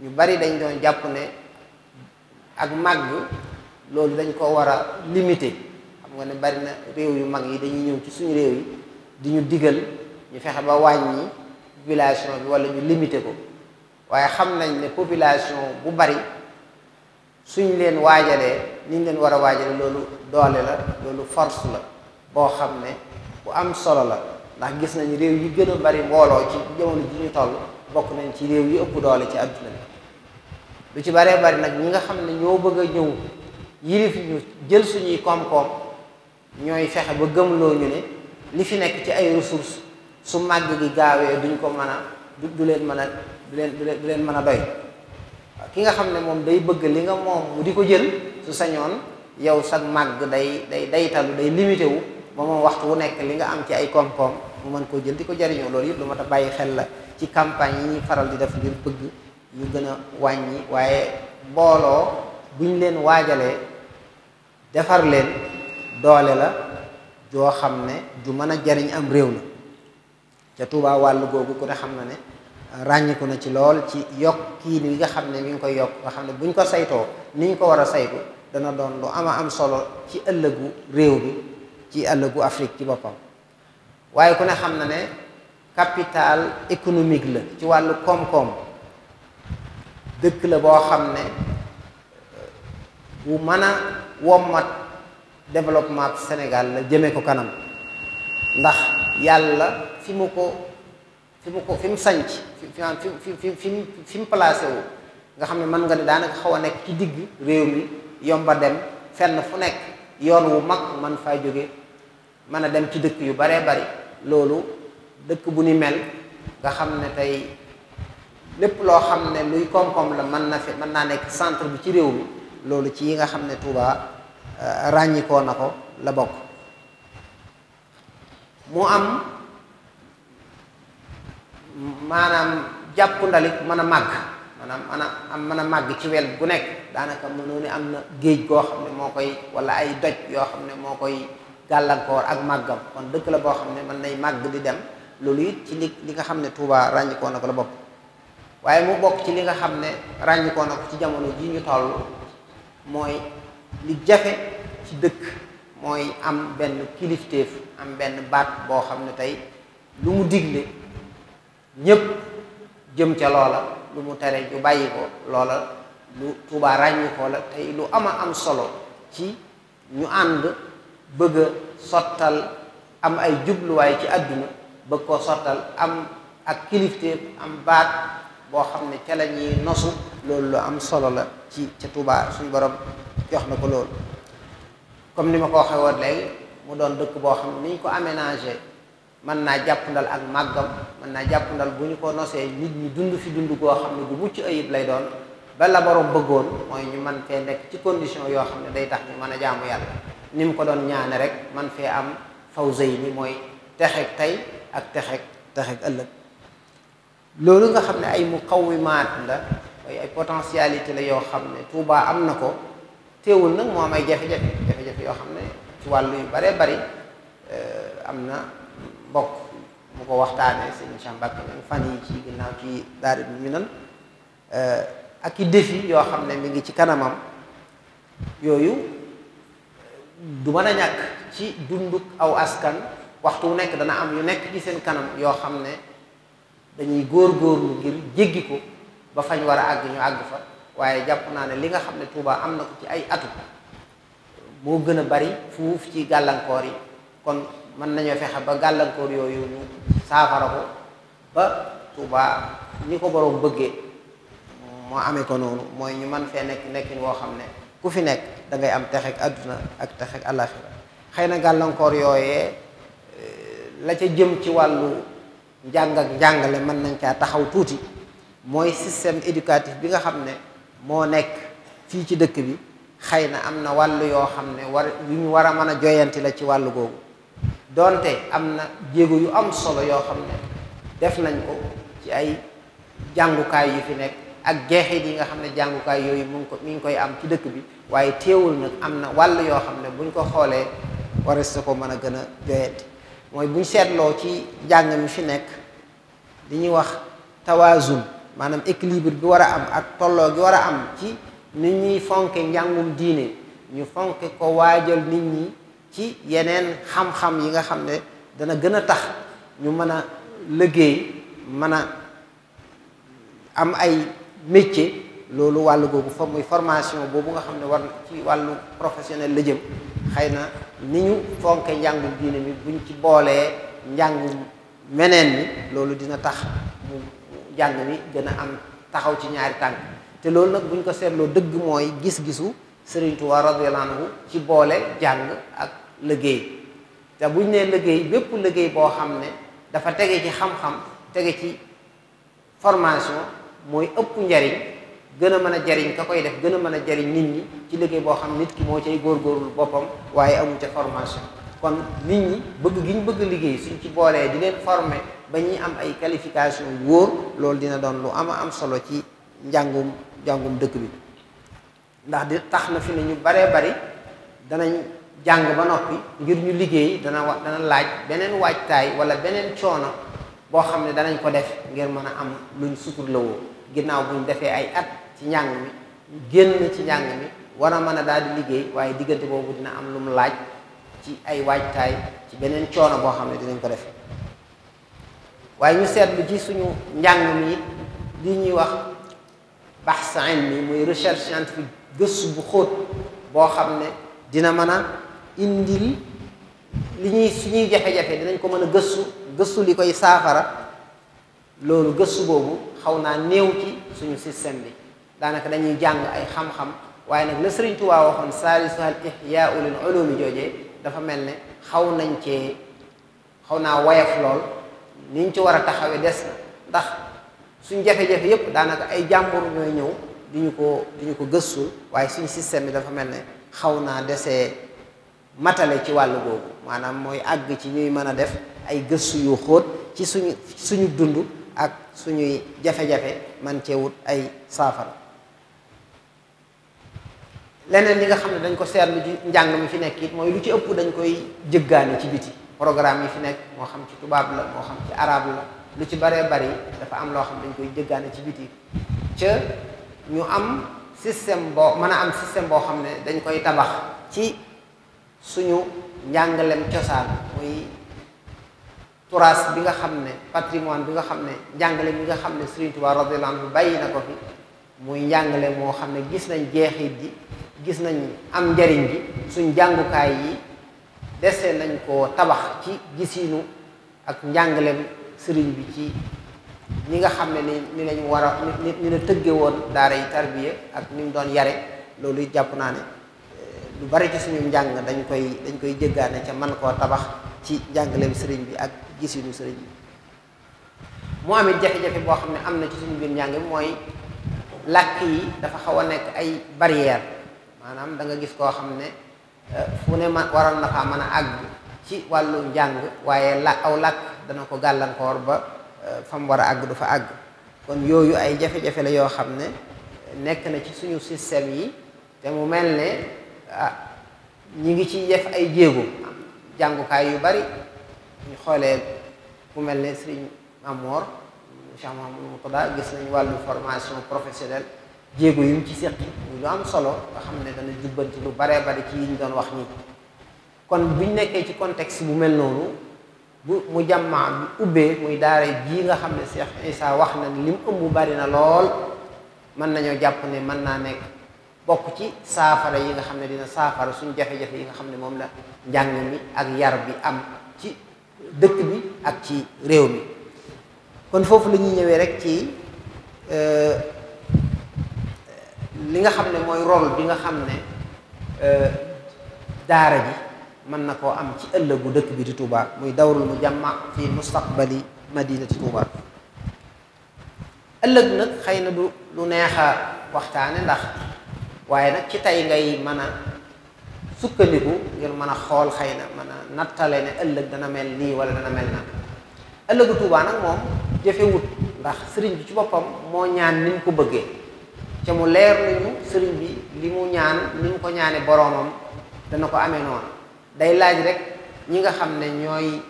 ñu bari dañ doon jàpp ne ak màgg loolu dañ ko war a limité xam nga ne bari na réew yu mag yi dañuy ñëw ci suñu réew yi di ñu digal ñu fexe ba wàññi population bi wala ñu limité ko waaye xam nañ ne population bu bari suñ leen waajalee niñ leen war a waajale loolu doole la loolu force la boo xam ne bu am solo la ndax gis nañ réew yi gën a bari mbooloo ci jamono ji ñu toll bokk nañ ci réew yi ëpp doole ci àdduna bi lu ci baree bari nag ñi nga xam ne ñoo bëgg a ñëw yilif ñu jël suñuy koom-koom ñooy fexe ba gëmloo ñu ne li fi nekk ci ay ressources su màgg gi gaawee duñ ko mën a du leen mën du leen du leen mën a doy ki nga xam ne moom day bëgg li nga moom mu di ko jël su sañoon yow sag màgg day day daytalu day limité wu ba moom waxtu wu nekk li nga am ci ay koom-koom mu mën koo jël di ko jariñoo loolu yëpp lu mat a bàyyi xel la ci campagne yi ñuy faral di def ngir bëgg ñu gën a wàññi waaye booloo buñ leen waajalee defar leen doole la joo xam ne du mën a jariñ am réew la ca Touba wàll googu ku ne xam na ne ràññiku na ci lool ci yokk kii bi nga xam ne mi ngi koy yokk nga xam ne bu ñu ko saytoo ni ñu ko war a saytu dana doon lu ama am solo ci ëllëgu réew bi ci ëllëgu Afrique ci boppam waaye ku ne xam na ne capital économique la ci wàllu koom-koom dëkk la boo xam ne bu mën a wommat développement Sénégal la jëme ko kanam ndax yàlla fi mu ko fi mu ko fi mu sanc fi fi fi fi mu fi mu placé wu nga xam ne mën nga ne daanaka xaw a nekk ci digg réew mi yomba dem fenn fu nekk yoon wu mag man faa jóge mën a dem ci dëkk yu baree bari loolu dëkk bu ni mel nga xam ne tey lépp loo xam ne luy koom-koom la mën na fi mën naa nekk centre bi ci réew mi loolu ci yi nga xam ne Touba euh, ràññikoo na ko la bokk mu am maanaam jàpp ndalit mën a màgg maanaam mën a am màgg ci wel bu nekk daanaka mënoo ne am na géej goo xam ne moo koy wala ay doj yoo xam ne moo koy gàllankoor ak màggam kon dëkk la boo xam ne mën nay màgg di dem loolu it ci li li nga xam ne Touba ràññikoo na ko la bopp waaye mu bokk ci li nga xam ne ràññikoo na ko ci jamono ji ñu toll mooy li jafe ci dëkk mooy am benn kilifteef am benn baat boo xam ne tey lu mu digle ñépp jëm ca loola lu mu tere ñu bàyyi ko loola lu Tuubaa ràññikoo la tey lu ama am solo ci ñu ànd bëgg sottal am ay jubluwaay ci àdduna bëgg koo sottal am ak kilifteef am baat boo xam ne ca la ñuy nosu loolu lu am solo la ci ca Tuubaa suñu borom jox na ko loolu comme ni ma ko waxee woon mu doon dëkk boo xam ne ni ñu ko aménagé mën naa jàppandal ak màggam mën naa jàppandal bu ñu ko nosee nit ñi dund fi dund goo xam ne bu mucc ayib lay doon ba la borom bëggoon mooy ñu man fee nekk ci condition yoo xam ne day tax ñu mën a jaamu yàlla ni mu ko doon ñaane rek man fee am faw fawzey ni mooy texe tey ak texeg texeg ëllëg loolu nga xam ne ay muqawimaat la mooy ay potentialité la yoo xam ne Touba am na ko teewul nag moo am ay jafe-jafe jafe-jafe yoo xam ne ci wàll yu bare bari euh, am na bokk mu ko waxtaanee sëñ Cheikh Mbacke fan yi ci ginnaaw ci daari bi minan euh, ak i défi yoo xam ne mi ngi ci kanamam yooyu du mën ñàkk ci dunduk aw askan waxtu wu nekk dana am yu nekk ci seen kanam yoo xam ne dañuy góor-góorlu ngir jéggi ko ba fañ war a àgg ñu àgg fa waaye jàpp naa ne li nga xam ne Touba am na ko ci ay atu moo gën a bari fuuf ci gàllankoor yi kon mën nañoo fexe ba gàllankoor yooyu ñu saafara ko ba Tuubaa ni ko boroom bëggee moo amee ko noonu mooy ñu man fee nekk nekkin woo xam ne ku fi nekk da ngay am texek àdduna ak texek àllaaxira xëy na gàllankoor yooyee eh, la ca jëm ci wàllu njàng ak njàngale mën nañ caa taxaw tuuti mooy système éducatif bi nga xam ne moo nekk fii ci dëkk bi xëy na am na wàllu yoo xam ne war yu ñu war a mën a joyanti la ci wàllu googu doonte am na jéego yu am solo yoo xam ne def nañ ko ci ay jàngukaay yu fi nekk ak jeexit yi nga xam ne jàngukaay yooyu mu ngi ko mi ngi koy am ci dëkk bi waaye teewul nag am na wàll yoo xam ne buñ ko xoolee wares na ko mën a gën a joyanti mooy buñ seetloo ci jàng mi fi nekk li ñuy wax tawazun maanaam équilibre bi war a am ak tolloo gi war a am ci nit ñuy fonke njàngum diine ñu fonke ko waajal nit ñi ci yeneen xam-xam yi nga xam ne dana gën a tax ñu mën a liggéey mën a am ay métier loolu wàll googu fa muy formation boobu nga xam ne war ci wàllu professionnel la jëm xëy na ni ñu fonke njàngum diine buñ ci boolee njàngum meneen mi loolu dina tax mu njàng mi gën a am taxaw ci ñaari tànk te loolu nag buñ ko seetloo dëgg mooy gis-gisu Sëriñ Tuubaa radiyallaahu anhu ci boole jàng ak liggéey te buñ nee liggéey bépp liggéey boo xam ne dafa tege ci xam-xam tege ci formation mooy ëpp njariñ gën a mën a jariñ ka koy def gën a mën a jariñ nit ñi ci liggéey boo xam nit ki moo góor góorgóorlu boppam waaye amu ca formation kon nit ñi bëgg gi ñu bëgg liggéey suñ ci boolee di leen former ba ñuy am ay qualification wóor loolu dina doon lu ama am solo ci njàngum njàngum dëkk bi ndax di tax na fi ne ñu baree bari danañ jàng ba noppi ngir ñu liggéey dana wa dana laaj beneen waajtaay wala beneen coono boo xam ne danañ ko defe ngir mën a am luñ suturlawoo ginnaaw buñ defee ay at ci njàng mi génn ci njàng mi war a mën a daal di liggéey waaye diggante boobu dina am lu mu laaj ci ay waajtaay ci beneen coono boo xam ne dinañ ko def waaye ñu seetlu ci suñu njàng mi li ñuy wax bahs ilmi muy recherche scientifique gëstu bu xóot boo xam ne dina mën a indil li ñuy suñuy jafe-jafe dinañ ko mën a gëstu gëstu li koy saafara loolu gëstu boobu xaw naa néew suñu système bi daanaka dañuy jàng ay xam waaye nag la Sëriñ Tuubaa waxoon saalisu al ihyaau dafa mel ne xaw nañ cee xaw naa woyof lool niñ ci war a taxawe des ndax suñ jafe-jafe daanaka ay jàmbur ñooy ñëw di ko di ko gëstul waaye suñ système bi dafa mel ne xaw naa desee matale ci wàllu googu maanaam mooy àgg ci ñuy mën a def ay gëstu yu xóot ci suñu suñu dund ak suñuy jafe-jafe man cee wut ay saafara leneen li nga xam ne dañ ko seetlu ji njàng mi fi nekk it mooy lu ci ëpp dañ koy jëggaane ci biti programme yi fi nekk moo xam ci tubaab la moo xam ci arab la lu ci baree bari dafa am loo xam dañ koy jëggaane ci biti ca ñu am système boo mën a am système boo xam ne dañ koy tabax ci suñu njàngalem cosaan muy turaas bi nga xam ne patrimoine bi nga xam ne njàngale bi nga xam ne Sëriñ Tuubaa radiyallaahu anhu bàyyi na ko fi muy njàngale moo xam ne gis nañ jeexit ji gis nañ am njariñ bi suñ jàngukaay yi dese nañ ko tabax ci gisinu ak njàngaleem sëriñ bi ci ñi nga xam ne ni ni lañ war a ni la tëgge woon daara yi tarbiya ak ni mu doon yare loolu jàpp naa ne lu bari ci suñu njàng dañ koy dañ koy jéggaane ca man koo tabax ci njàngaleem sëriñ bi ak gisinu sëriñ bi mu amit jafe-jafe boo xam ne am na ci suñu biir njàng mooy làkk yi dafa xaw a nekk ay barrière maanaam da nga gis koo xam ne euh, fu ne ma waroon na faa mën a ci wàllu njàng waaye la aw làkk dana ko gàllankoor ba euh, fa war a àgg du àgg kon yooyu ay jafe la yoo xam ne nekk na ci suñu système yi te mu mel ne ah ñi ngi ci def ay jéego jàngukaay yu bari ñu xoolee ku mel ne sëriñ Amor Cheikh Mahamadou Moutada gis nañ wàllu formation professionnelle jéego yu mu ci séqi ñu lu am solo nga xam ne dana jubbanti lu baree bari ci yi ñu doon wax nii kon buñ nekkee ci contexte mel noonu bu mu jàmmaa ubbee muy daara jii nga xam ne Cheikh wax na ni lim ëmb bari na lool mën nañoo jàpp ne mën naa nekk bokk ci saafara yi nga xam ne dina saafara suñu jafe-jafe yi nga xam ne moom la njàng mi ak yar bi am ci dëkk bi ak ci réew mi kon foofu lañuy ñëwee rek ci euh, li nga xam ne mooy rol bi nga xam ne euh, daara ji mën na koo am ci ëllëgu dëkk bi di Touba muy dawrul mu jàmma fi mustaqbali madinati Touba ëllëg nag xëy na du lu neex a waxtaane ndax waaye nag ci tey ngay mën a sukkandiku ngir mën a xool xëy na mën a nattale ne ëllëg dana mel nii wala dana mel na ëllëgu Tuubaa nag moom jëfewut ndax sëriñ bi ci boppam moo ñaan ni mu ko bëggee ca mu leer nañu sëriñ bi li mu ñaan ni mu ko ñaane boroomam dana ko amee noonu day laaj rek ñi nga xam ne ñooy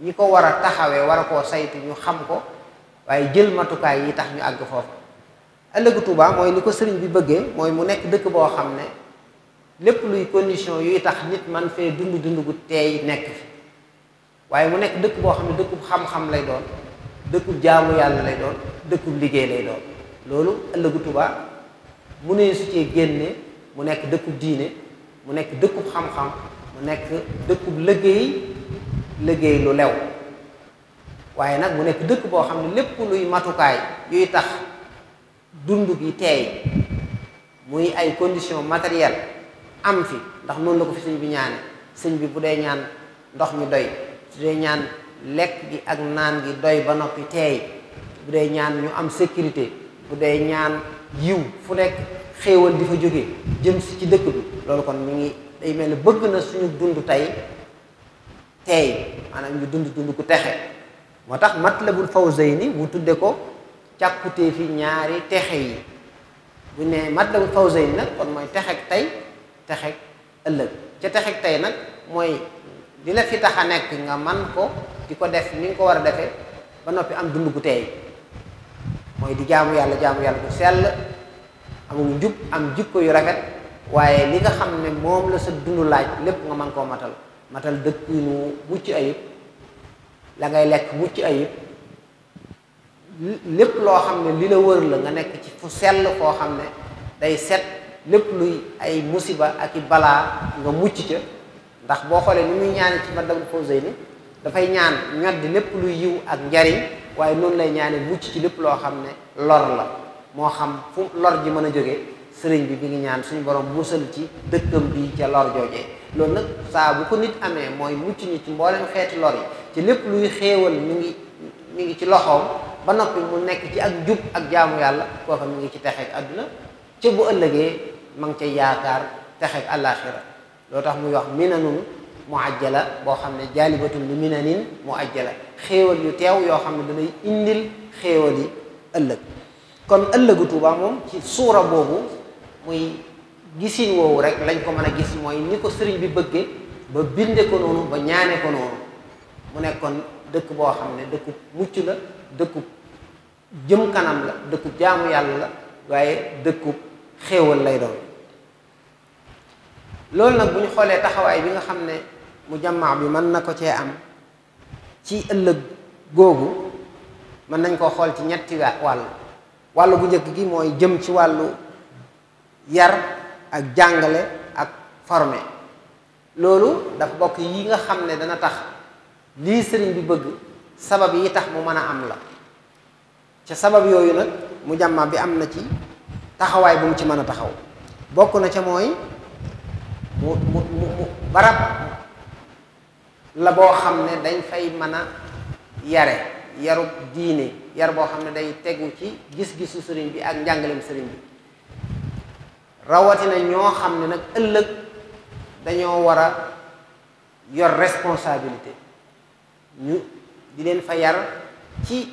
ñi ko war a taxawee war a koo saytu ñu xam ko waaye jël matukaay yi tax ñu àgg foofu ëllëgu tubaa mooy ni ko sëriñ bi bëggee mooy mu nekk dëkk boo xam ne lépp luy condition yuy tax nit man fee dund dund gu teey nekk fi waaye mu nekk dëkk boo xam ne dëkku xam lay doon dëkkub jaamu yàlla lay doon dëkkub liggéey lay doon loolu ëllëgu Touba mu ne su cee mu nekk dëkkub diine mu nekk dëkkub xam mu nekk dëkkub liggéey liggéey lu lew waaye nag mu nekk dëkk boo xam ne lépp luy matukaay yuy tax dund gi teey muy ay conditions matérielles am fi ndax noonu la ko fi sëñ bi ñaane sëñ bi bu dee ñaan ndox ñu doy su dee ñaan lekk gi ak naan gi doy ba noppi teey bu dee ñaan ñu am sécurité bu dee ñaan yiw fu nekk xéewal di fa jóge jëm si ci dëkk bi loolu kon mi ngi day mel ne bëgg na suñu dund tey teey maanaam ñu dund dund ku texe moo tax mat Matlabul ni mu tudde ko càkkutee fi ñaari texe yi bu ne Matlabul Fawzayni nag kon mooy texeg tey texeg ëllëg ca texeg tey nag mooy li la fi tax a nekk nga man ko di ko def ni nga ko war a defee ba noppi am dund gu teey mooy di jaamu yàlla jaamu yàlla bu sell amul njub am jikko yu rafet waaye li nga xam ne moom la sa dund laaj lépp nga man koo matal matal dëkk yu mucc ayib la ngay lekk mucc ayib lépp loo xam ne li la wër la nga nekk ci fu sell foo xam ne day set lépp luy ay musiba ak i balaa nga mucc ca ndax boo xoolee ni muy ñaan ci Matlabul Fawzayni dafay ñaan ñoddi lépp luy yiw ak njariñ waaye noonu lay ñaane mucc ci lépp loo xam ne lor la moo xam fu lor ji mën a jóge sëriñ bi bi ngi ñaan suñu borom musal ci dëkkam bi ca lor joojee loolu nag saa bu ko nit amee mooy mucc ñi ci mboolem xeeti lor yi ci lépp luy xéewal mi ngi mi ngi ci loxoom ba noppi mu nekk ci ak jub ak jaamu yàlla kooka mu ngi ci texeeg àdduna ci bu ëllëgee ma ngi ca yaakaar texeeg àllaaxira loo tax muy wax minanun mu ajjala boo xam ne jaalibatun li minanin mu ajjala xéewal yu teew yoo xam ne danay indil xéewal yi ëllëg kon ëllëgu Tuuba moom ci suura boobu muy gisin woowu rek lañ ko mën a gis mooy ni ko sëriñ bi bëgge ba binde ko noonu ba ñaane ko noonu mu nekkoon dëkk boo xam ne dëkk mucc la dëkkub jëm kanam la dëkkub jaamu yàlla la waaye dëkkub xéewal lay doon loolu nag bu ñu xoolee taxawaay bi nga xam ne mu jàmmaa bi mën na ko cee am ci ëllëg googu mën nañ koo xool ci ñetti wàll wàll bu njëkk gi mooy jëm ci wàllu yar ak jàngale ak formé loolu dafa bokk yi nga xam ne dana tax lii sëriñ bi bëgg sabab yi tax mu mën a am la ca sabab yooyu nag mu jàmma bi am na ci taxawaay bu mu ci mën a taxaw bokk na ca mooy mu mu mu barab la boo xam ne dañ fay mën a yare yarub diine yar boo xam ne day tegu ci gis-gisu sëriñ bi ak njàngaleem sëriñ bi rawatina ñoo xam ne nag ëllëg dañoo war a yor responsabilité ñu di leen fa yar ci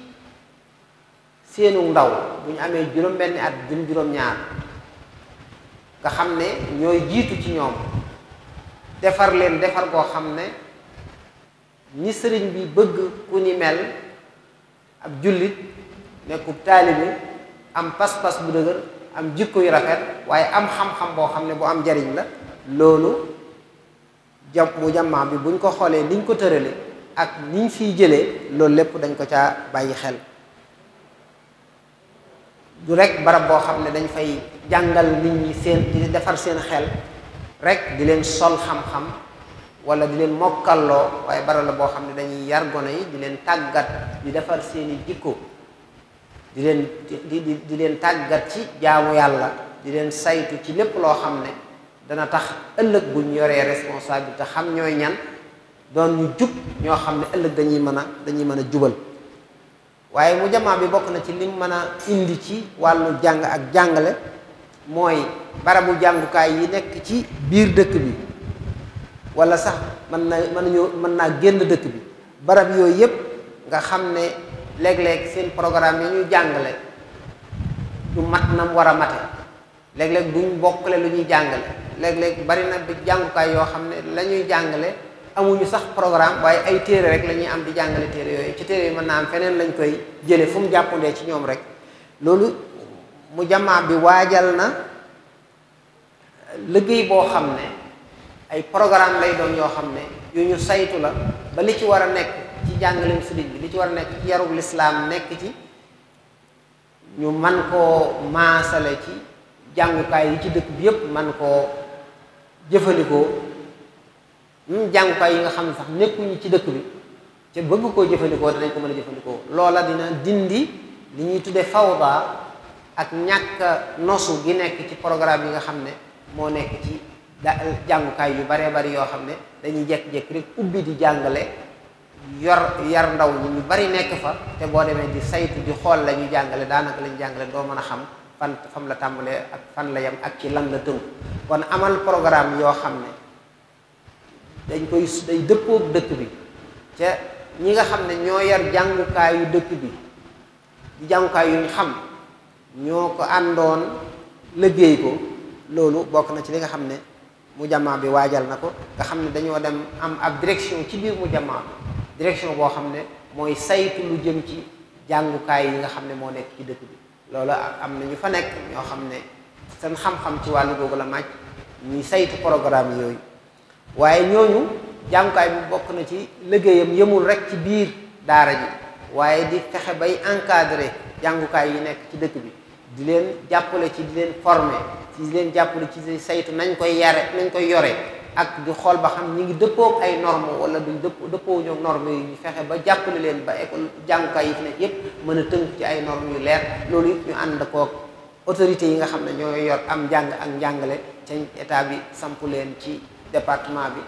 seenu ndaw bu ñu amee juróom-benni at jëm juróom-ñaar nga xam ne ñooy jiitu ci ñoom defar leen defar goo xam ne ñi sëriñ bi bëgg ku ni mel ab jullit nekkub taalibi am pas-pas bu dëgër am jikko yu rafet waaye am xam-xam boo xam ne bu am njariñ la loolu jam mu jamaa bi buñ ko xoolee niñ ko tërale ak niñ fiy jëlee loolu lépp dañ ko caa bàyyi xel du rek barab boo xam ne dañ fay jàngal nit ñi seen di defar seen xel rekk di leen sol xam-xam wala di leen mokkalloo waaye barab la boo xam ne dañuy yar gone yi di leen tàggat di defar seeni jikko di leen di di di leen tàggat ci jaamu yàlla di leen saytu ci lépp loo xam ne dana tax ëllëg buñ yoree responsabilité xam ñooy ñan doon ñu jub ñoo xam ne ëllëg dañuy mën a dañuy mën a jubal waaye mu jamaa bi bokk na ci lim mën a indi ci wàllu jàng ak jàngale mooy barabu jàngukaay yi nekk ci biir dëkk bi wala sax mën na mën mën naa génn dëkk bi barab yooyu yëpp nga xam ne léeg-léeg seen programme yi ñuy jàngale du mat nam war a mate léeg-léeg duñ bokkale lu ñuy jàngale léeg-léeg bari na bi jàngukaay yoo xam ne lañuy jàngale amuñu sax programme waaye ay téere rek la ñuy am di jàngale téere yooyu ci téere yi mën naa am feneen lañ koy jële fu mu jàppandee ci ñoom rek loolu mu jamaa bi waajal na liggéey boo xam ne ay programme lay doon yoo xam ne yu ñu saytu la ba li ci war a nekk ci jàngaleem sëriñ bi li ci war a nekk ci yarub lislaam nekk ci ñu man koo maasale ci jàngukaay yi ci dëkk bi yépp man koo jëfandikoo ñun jàngukaay yi nga xam ne sax nekkuñu ci dëkk bi te bëgg koo jëfandikoo danañ ko mën a jëfandikoo loola dina dindi li ñuy tudde baa ak ñàkk nosu gi nekk ci programme yi nga xam ne moo nekk ci da jàngukaay yu baree bari yoo xam ne dañuy jekk-jekk rek ubbi di jàngale yor yar ndaw ñi ñu bari nekk fa te boo demee di saytu di xool la ñu jàngale daanaka la jàngale doo mën a xam fan fam la tàmbalee ak fan la yem ak ci lan la tënk kon amal programme yoo xam ne dañ koy day dëppoo dëkk bi ca ñi nga xam ne ñoo yar jàngukaayu dëkk bi di jàngukaay yuñ xam ñoo ko àndoon liggéey ko loolu bokk na ci li nga xam ne mu jamaa bi waajal na ko nga xam ne dañoo dem am ab direction ci biir mu jamaa bi direction boo xam ne mooy saytu lu jëm ci jàngukaay yi nga xam ne moo nekk ci dëkk bi loolu am na ñu fa nekk ñoo xam ne seen xam-xam ci wàll googu la màcc ñuy saytu programme yooyu waaye ñooñu jàngukaay bi bokk na ci liggéeyam yemul rek ci biir daara ji waaye di fexe bay encadrer jàngukaay yi nekk ci dëkk bi di leen jàppale ci di leen forme ci di leen jàppale ci di saytu nañ koy yare nañ koy yore ak di xool ba xam ñi ngi dëppoo ay norme wala duñ dëpp dëppoo ñoom norme yi ñu fexe ba jàppale leen ba école jàngukaay yi fi nekk yépp mën a tënk ci ay norme yu leer loolu it ñu ànd koog autorités yi nga xam ne ñooy yor am njàng ak njàngale ca état bi samp leen ci département bi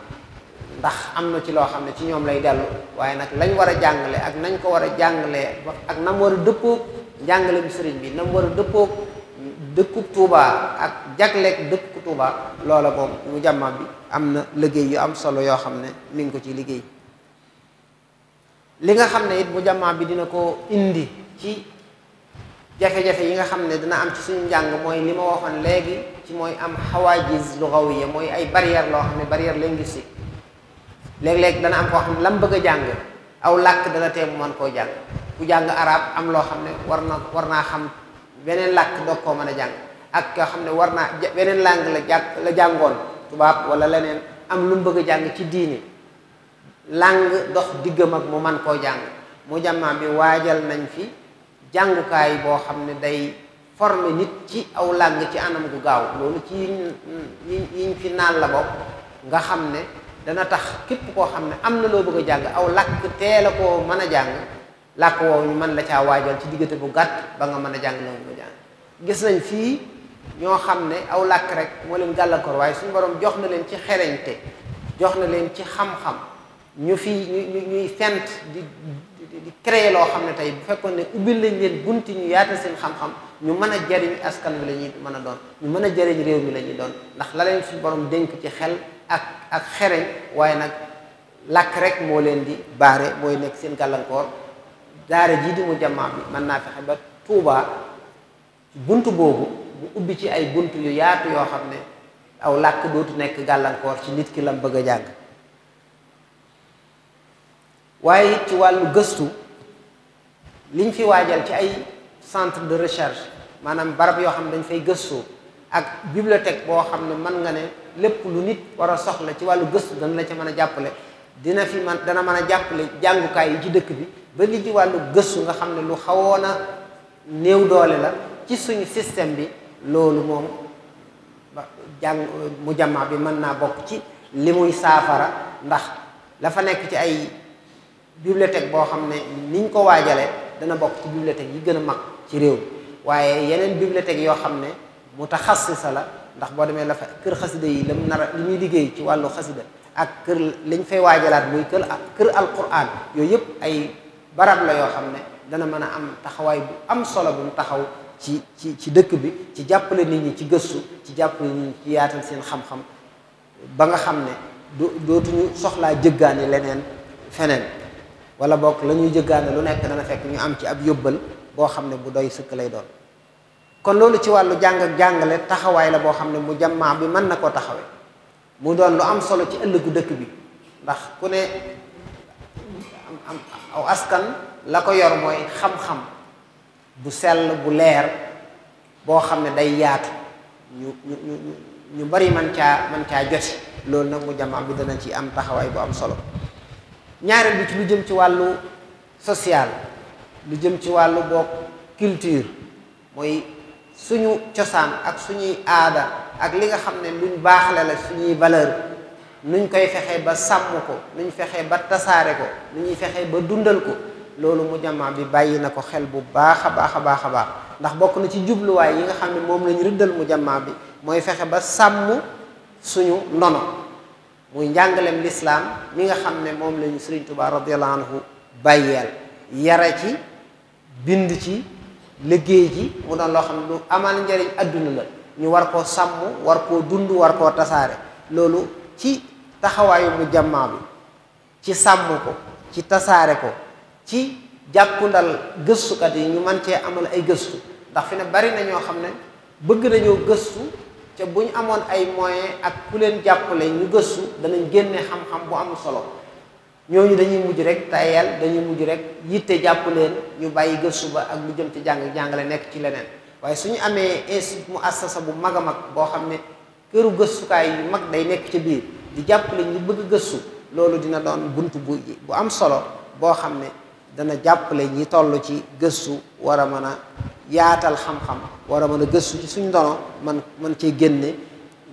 ndax am na ci loo xam ne ci ñoom lay dellu waaye nag lañ war a jàngale ak nañ ko war a jàngale ak nam war a dëppoog njàngale bi sëriñ bi nam war a dëppook dëkkub Touba ak jagleeg dëkkub Touba loola moom mu jàmma bi am na liggéey yu am solo yoo xam ne mi ngi ko ci liggéey li nga xam ne it mu jàmma bi dina ko indi ci jafe-jafe yi nga xam ne dana am ci suñu njàng mooy li ma waxoon léegi ci mooy am xawaajiz lugawiya mooy ay barrière loo xam ne barrière linguistique léeg-léeg dana am koo xam ne lam bëgg a jàng aw làkk dana tee mu mën koo jàng ku jàng arab am loo xam ne war na war naa xam beneen làkk doog koo mën a jàng ak koo xam ne war naa weneen langue la jàng la jàngoon tubaab wala leneen am lu mu bëgg a jàng ci diini langue dox diggam ak mu mën koo jàng mu jamaa bi waajal nañ fi jàngukaay boo xam ne day former nit ci aw làng ci anam gu gaaw loolu ci yiñ yiñ fi naan la bokk nga xam ne dana tax képp koo xam ne am na loo bëgg a jàng aw làkk teel a koo mën a jàng làkk woowu mën la caa waajal ci diggante bu gàtt ba nga mën a jàng loo bëgg gis nañ fii ñoo xam ne aw làkk rek moo leen gàllankoor waaye suñu borom jox na leen ci xereñte jox na leen ci xam-xam ñu fi ñu ñuy fent di di créer loo xam ne tey bu fekkoon ne ubbil lañ leen bunti ñu yaatal seen xam-xam ñu mën a jariñ askan wi la ñuy mën a doon ñu mën a jariñ réew mi lañuy doon ndax la leen suñu borom dénk ci xel ak ak xereñ waaye nag làkk rek moo leen di baare mooy nekk seen gàllankoor daara jii di mu jamaa bi mën naa fexe ba Tuubaa bunt boobu bu ubbi ci ay bunt yu yaatu yoo xam ne aw làkk dootu nekk gàllankoor ci nit ki lam bëgg a jàng waaye ci wàllu gëstu liñ fi waajal ci ay centre de recherche maanaam barab yoo xam ne dañ fay gëstoo ak bibliothèque boo xam ne mën nga ne lépp lu nit war a soxla ci wàllu gëstu dana la ci mën a jàppale dina fi man dana mën a jàppale jàngukaay yi ci dëkk bi ba li ci wàllu gëstu nga xam ne lu xawoon a néew doole la ci suñu système bi loolu moom jàng mu jamaa bi mën naa bokk ci li muy saafara ndax la fa nekk ci ay bibliothèque boo xam ne niñ ko waajale dana bokk ci bibliothèque yi gën a mag ci réew mi waaye yeneen bibliothèque yoo xam ne mu taxassisa la ndax boo demee la fa kër xasida yi la mu nar li muy liggéey ci wàllu xasida ak kër lañ fay waajalaat muy kër kër alquran yooyu yëpp ay barab la yoo xam ne dana mën a am taxawaay bu am solo bu mu taxaw ci ci ci dëkk bi ci jàppale nit ñi ci gëstu ci jàppale nit ñi ci yaatal seen xam-xam ba nga xam ne dootuñu soxlaa jëggaani leneen feneen wala bokk la ñuy jëggaane lu nekk dana fekk ñu am ci ab yóbbal boo xam ne bu doy sëkk lay doon kon loolu ci wàllu jàng ak jàngale taxawaay la boo xam ne mu jammaa bi mën na koo taxawee mu doon lu am solo ci ëllëgu dëkk bi ndax ku ne aw askan la ko yor mooy xam bu sell bu leer boo xam ne day yaatu ñu bari man caa man caa joti loolu nag mu jammaa bi dana ci am taxawaay bu am solo ñaareel bi ci lu jëm ci wàllu social lu jëm ci wàllu bokk culture mooy suñu cosaan ak suñuy aada ak li nga xam ne luñ baax la suñuy valeur nuñ koy fexe ba sàmm ko nuñ fexe ba tasaare ko nu ñuy fexe ba dundal ko loolu mu jamaa bi bàyyi na ko xel bu baax a baax a baax a baax ndax bokk na ci jubluwaay yi nga xam ne moom lañu rëddal mu jamaa bi mooy fexe ba sàmm suñu ndono muy njàngaleem lislaam mi nga xam ne moom lañu Sëriñ Tuubaa radiyallahu anhu bàyyeel yara ci bind ci liggéey ji mu doon loo xam ne lu amal njariñ àdduna la ñu war koo sàmm war koo dund war koo tasaare loolu ci taxawaayu mu jammaa bi ci sàmm ko ci tasaare ko ci jàppundal gëstukat yi ñu man cee amal ay gëstu ndax fi ne bari na ñoo xam ne bëgg nañoo gëstu ca bu ñu amoon ay moyens ak ku leen jàppale ñu gëstu danañ génne xam-xam bu am solo ñooñu dañuy mujj rek tayal dañuy mujj rek yitte jàpp leen ñu bàyyi gëstu ba ak lu jëm ci jàng jàngale nekk ci leneen waaye su ñu amee institut mu assasa bu mag a mag boo xam ne këru gëstukaay yu mag day nekk ca biir di jàppale ñu bëgg gëstu loolu dina doon bunt bu bu am solo boo xam ne. dana jàppale ñi toll ci gëstu war a mën a yaatal xam-xam war a mën a gëstu ci suñ ndono man man cee génne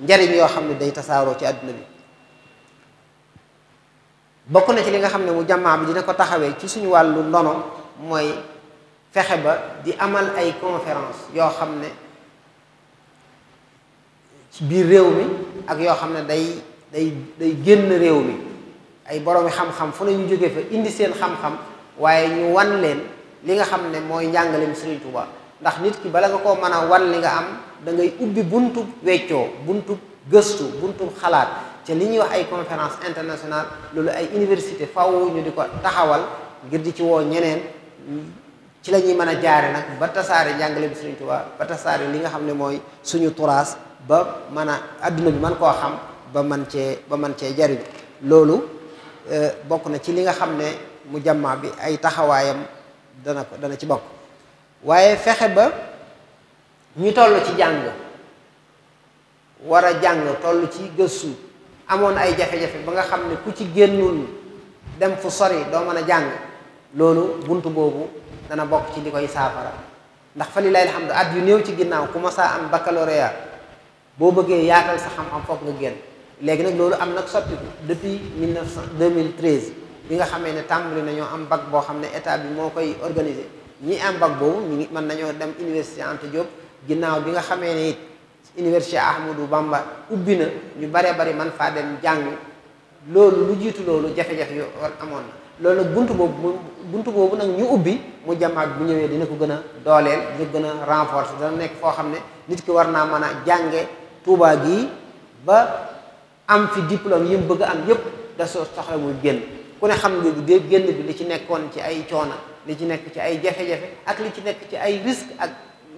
njariñ yoo xam ne day tasaaroo ci àdduna bi bokk na ci li nga xam ne mu jamaa bi dina ko taxawee ci suñu wàllu ndono mooy fexe ba di amal ay conférence yoo xam ne ci biir réew mi ak yoo xam ne day day day génn réew mi ay boroomi xam-xam fu ne ñu jóge fa indi seen xam-xam waaye ñu wan leen li nga xam ne mooy njàngaleem Sëriñ Tuuba ndax nit ki bala nga koo mën a wan li nga am da ngay ubbi buntub weccoo buntub gëstu buntub xalaat ci li ñuy wax ay conférence internationale loolu ay université faw ñu di ko taxawal ngir di ci woo ñeneen ci la ñuy mën a jaare nag ba tasaare njàngaleem Sëriñ Tuuba ba tasaare li nga xam ne mooy suñu turaas ba mën a àdduna bi mën koo xam ba man cee ba man cee jariñ loolu euh, bokk na ci li nga xam ne mu jamaa bi ay taxawaayam dana ko dana ci bokk waaye fexe ba ñu toll ci jàng war a jàng toll ci gëstu amoon ay jafe-jafe ba nga xam ne ku ci génnul dem fu sori doo mën a jàng loolu bunt boobu dana bokk ci di koy saafara ndax fa lilaay alhamdu at yu néew ci ginnaaw ku ma saa am baccalauréat boo bëggee yaatal sa xam-xam foog nga génn léegi nag loolu am nag soppiku depuis mille neuf cent deux mille bi nga xamee ne tàmbali nañoo am bac boo xam ne état bi moo koy organiser ñii am bac boobu ñu ngi mën nañoo dem université Anta Diop ginnaaw bi nga xamee ne it université Ahmadou Bamba ubbi na ñu baree bari man faa dem jàng loolu lu jiitu loolu jafe-jafe yu amoon na loolu nag buntu boobu buntu boobu nag ñu ubbi mu jamaat bu ñëwee dina ko gën a dooleel ñu gën a renforcer dana nekk foo xam ne nit ki war naa mën a jànge Tuubaa gii ba am fi diplôme yi mu bëgg am yépp da soo soxla muy génn ku ne xam nga génn bi li ci nekkoon ci ay coona li ci nekk ci ay jafe-jafe ak li ci nekk ci ay risque ak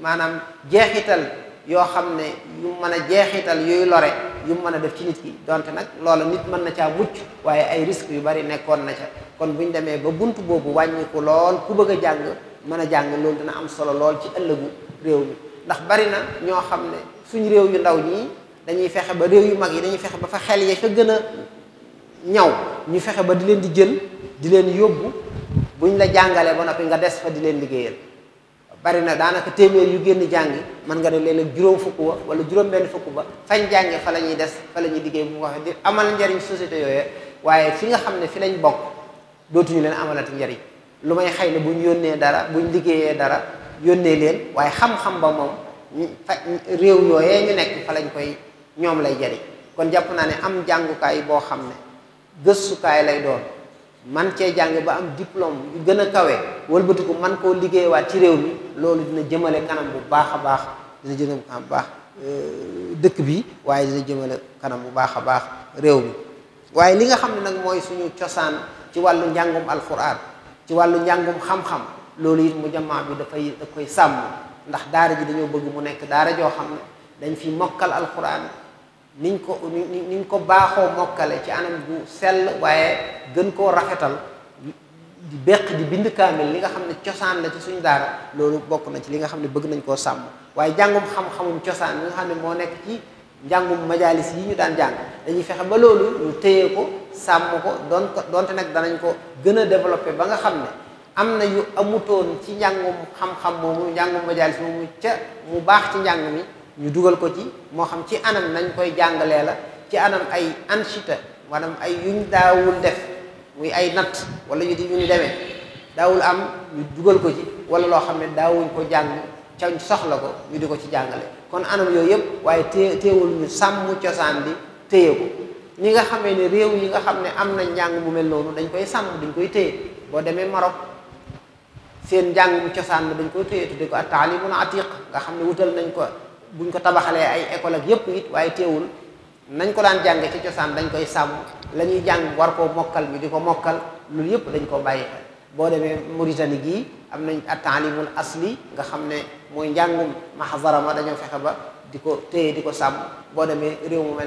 maanaam jeexital yoo xam ne yu mën a jeexital yooyu lore yu mën a def ci nit ki donte nag loola nit mën na caa mucc waaye ay risques yu bari nekkoon na ca kon bu ñu demee ba bunt boobu wàññiku lool ku bëgg a jàng mën a jàng loolu dina am solo lool ci ëllëgu réew mi ndax bari na ñoo xam ne suñu réew yu ndaw ñii dañuy fexe ba réew yu mag yi dañuy fexe ba fa xel ya gën a ñaw ñu fexe ba di leen di jël di leen yóbbu buñ la jàngalee ba noppi nga des fa di leen liggéeyal bari na daanaka téeméer yu génn jàngi mën nga ne leen léeg juróom fukk ba wala juróom benn fukk ba fañ jànge fa la ñuy des fa la ñuy liggéey bu waxee di amal njariñ société yooyu waaye fi nga xam ne fi lañ bokk dootuñu leen amalati njariñ lu may xëy ne ñu yónnee dara buñ liggéeyee dara yónnee leen waaye xam-xam ba moom fa réew yooyee ñu nekk fa lañ koy ñoom lay jariñ kon jàpp naa am jàngukaay boo xam ne gëstukaay lay doon man cee jàng ba am diplôme yu gën a kawe wëlbatiku man koo liggéeyawaat ci réew mi loolu dina jëmale kanam bu baax a baax dina jëmale kanam bu baax euh, dëkk bi waaye dina jëmale kanam bu baax a baax réew mi waaye li nga xam ne nag mooy suñu cosaan ci wàllu njàngum alquran ci wàllu njàngum xam-xam loolu it mu jamaa bi dafay da koy sàmm ndax daara ji dañoo bëgg mu nekk daara joo xam ne dañ fi mokkal alquran niñ ko ni niñ ko baaxoo mokkale ci anam bu sell waaye gën koo rafetal di beq di bind kaamil li nga xam ne cosaan la ci suñu daara loolu bokk na ci li nga xam ne bëgg nañ koo sàmm waaye jàngum xam-xamum cosaan li nga xam ne moo nekk ci njàngum majalis yi ñu daan jàng dañuy fexe ba loolu ñu téye ko sàmm ko doon ko doonte nag danañ ko gën a développé ba nga xam ne am na yu amutoon ci njàngum xam-xam moomu njàngum majalis moomu ca mu baax ci njàng mi ñu dugal ko ci moo xam ci anam nañ koy jàngalee la ci anam ay anchita maanaam ay yuñ daawul def muy ay nat wala yu di ñu ni demee daawul am ñu dugal ko ci wala loo xam ne daawuñ ko jàng cañ soxla ko ñu di ko ci jàngale kon anam yooyu yëpp waaye té téewul sàmm cosaan bi téye ko ni nga xamee ne réew yi nga xam ne am nañ njàng mu mel noonu dañ koy sàmm dañ koy téye boo demee Maroc seen jàng mu cosaan bi dañ koy téye tudde ko at taalimun atiq nga xam ne wutal nañ ko buñ ko tabaxalee ay école ak yépp it waaye teewul nañ ko daan jàng ci cosaan dañ koy sàmm la ñuy jàng war koo mokkal bi di ko mokkal loolu yépp dañ koo bàyyi boo demee Mauritanie gii am nañ at-taalimul asli nga xam ne mooy njàngum mahadara ma dañoo fexe ba di ko téye di ko sàmm boo demee réew mu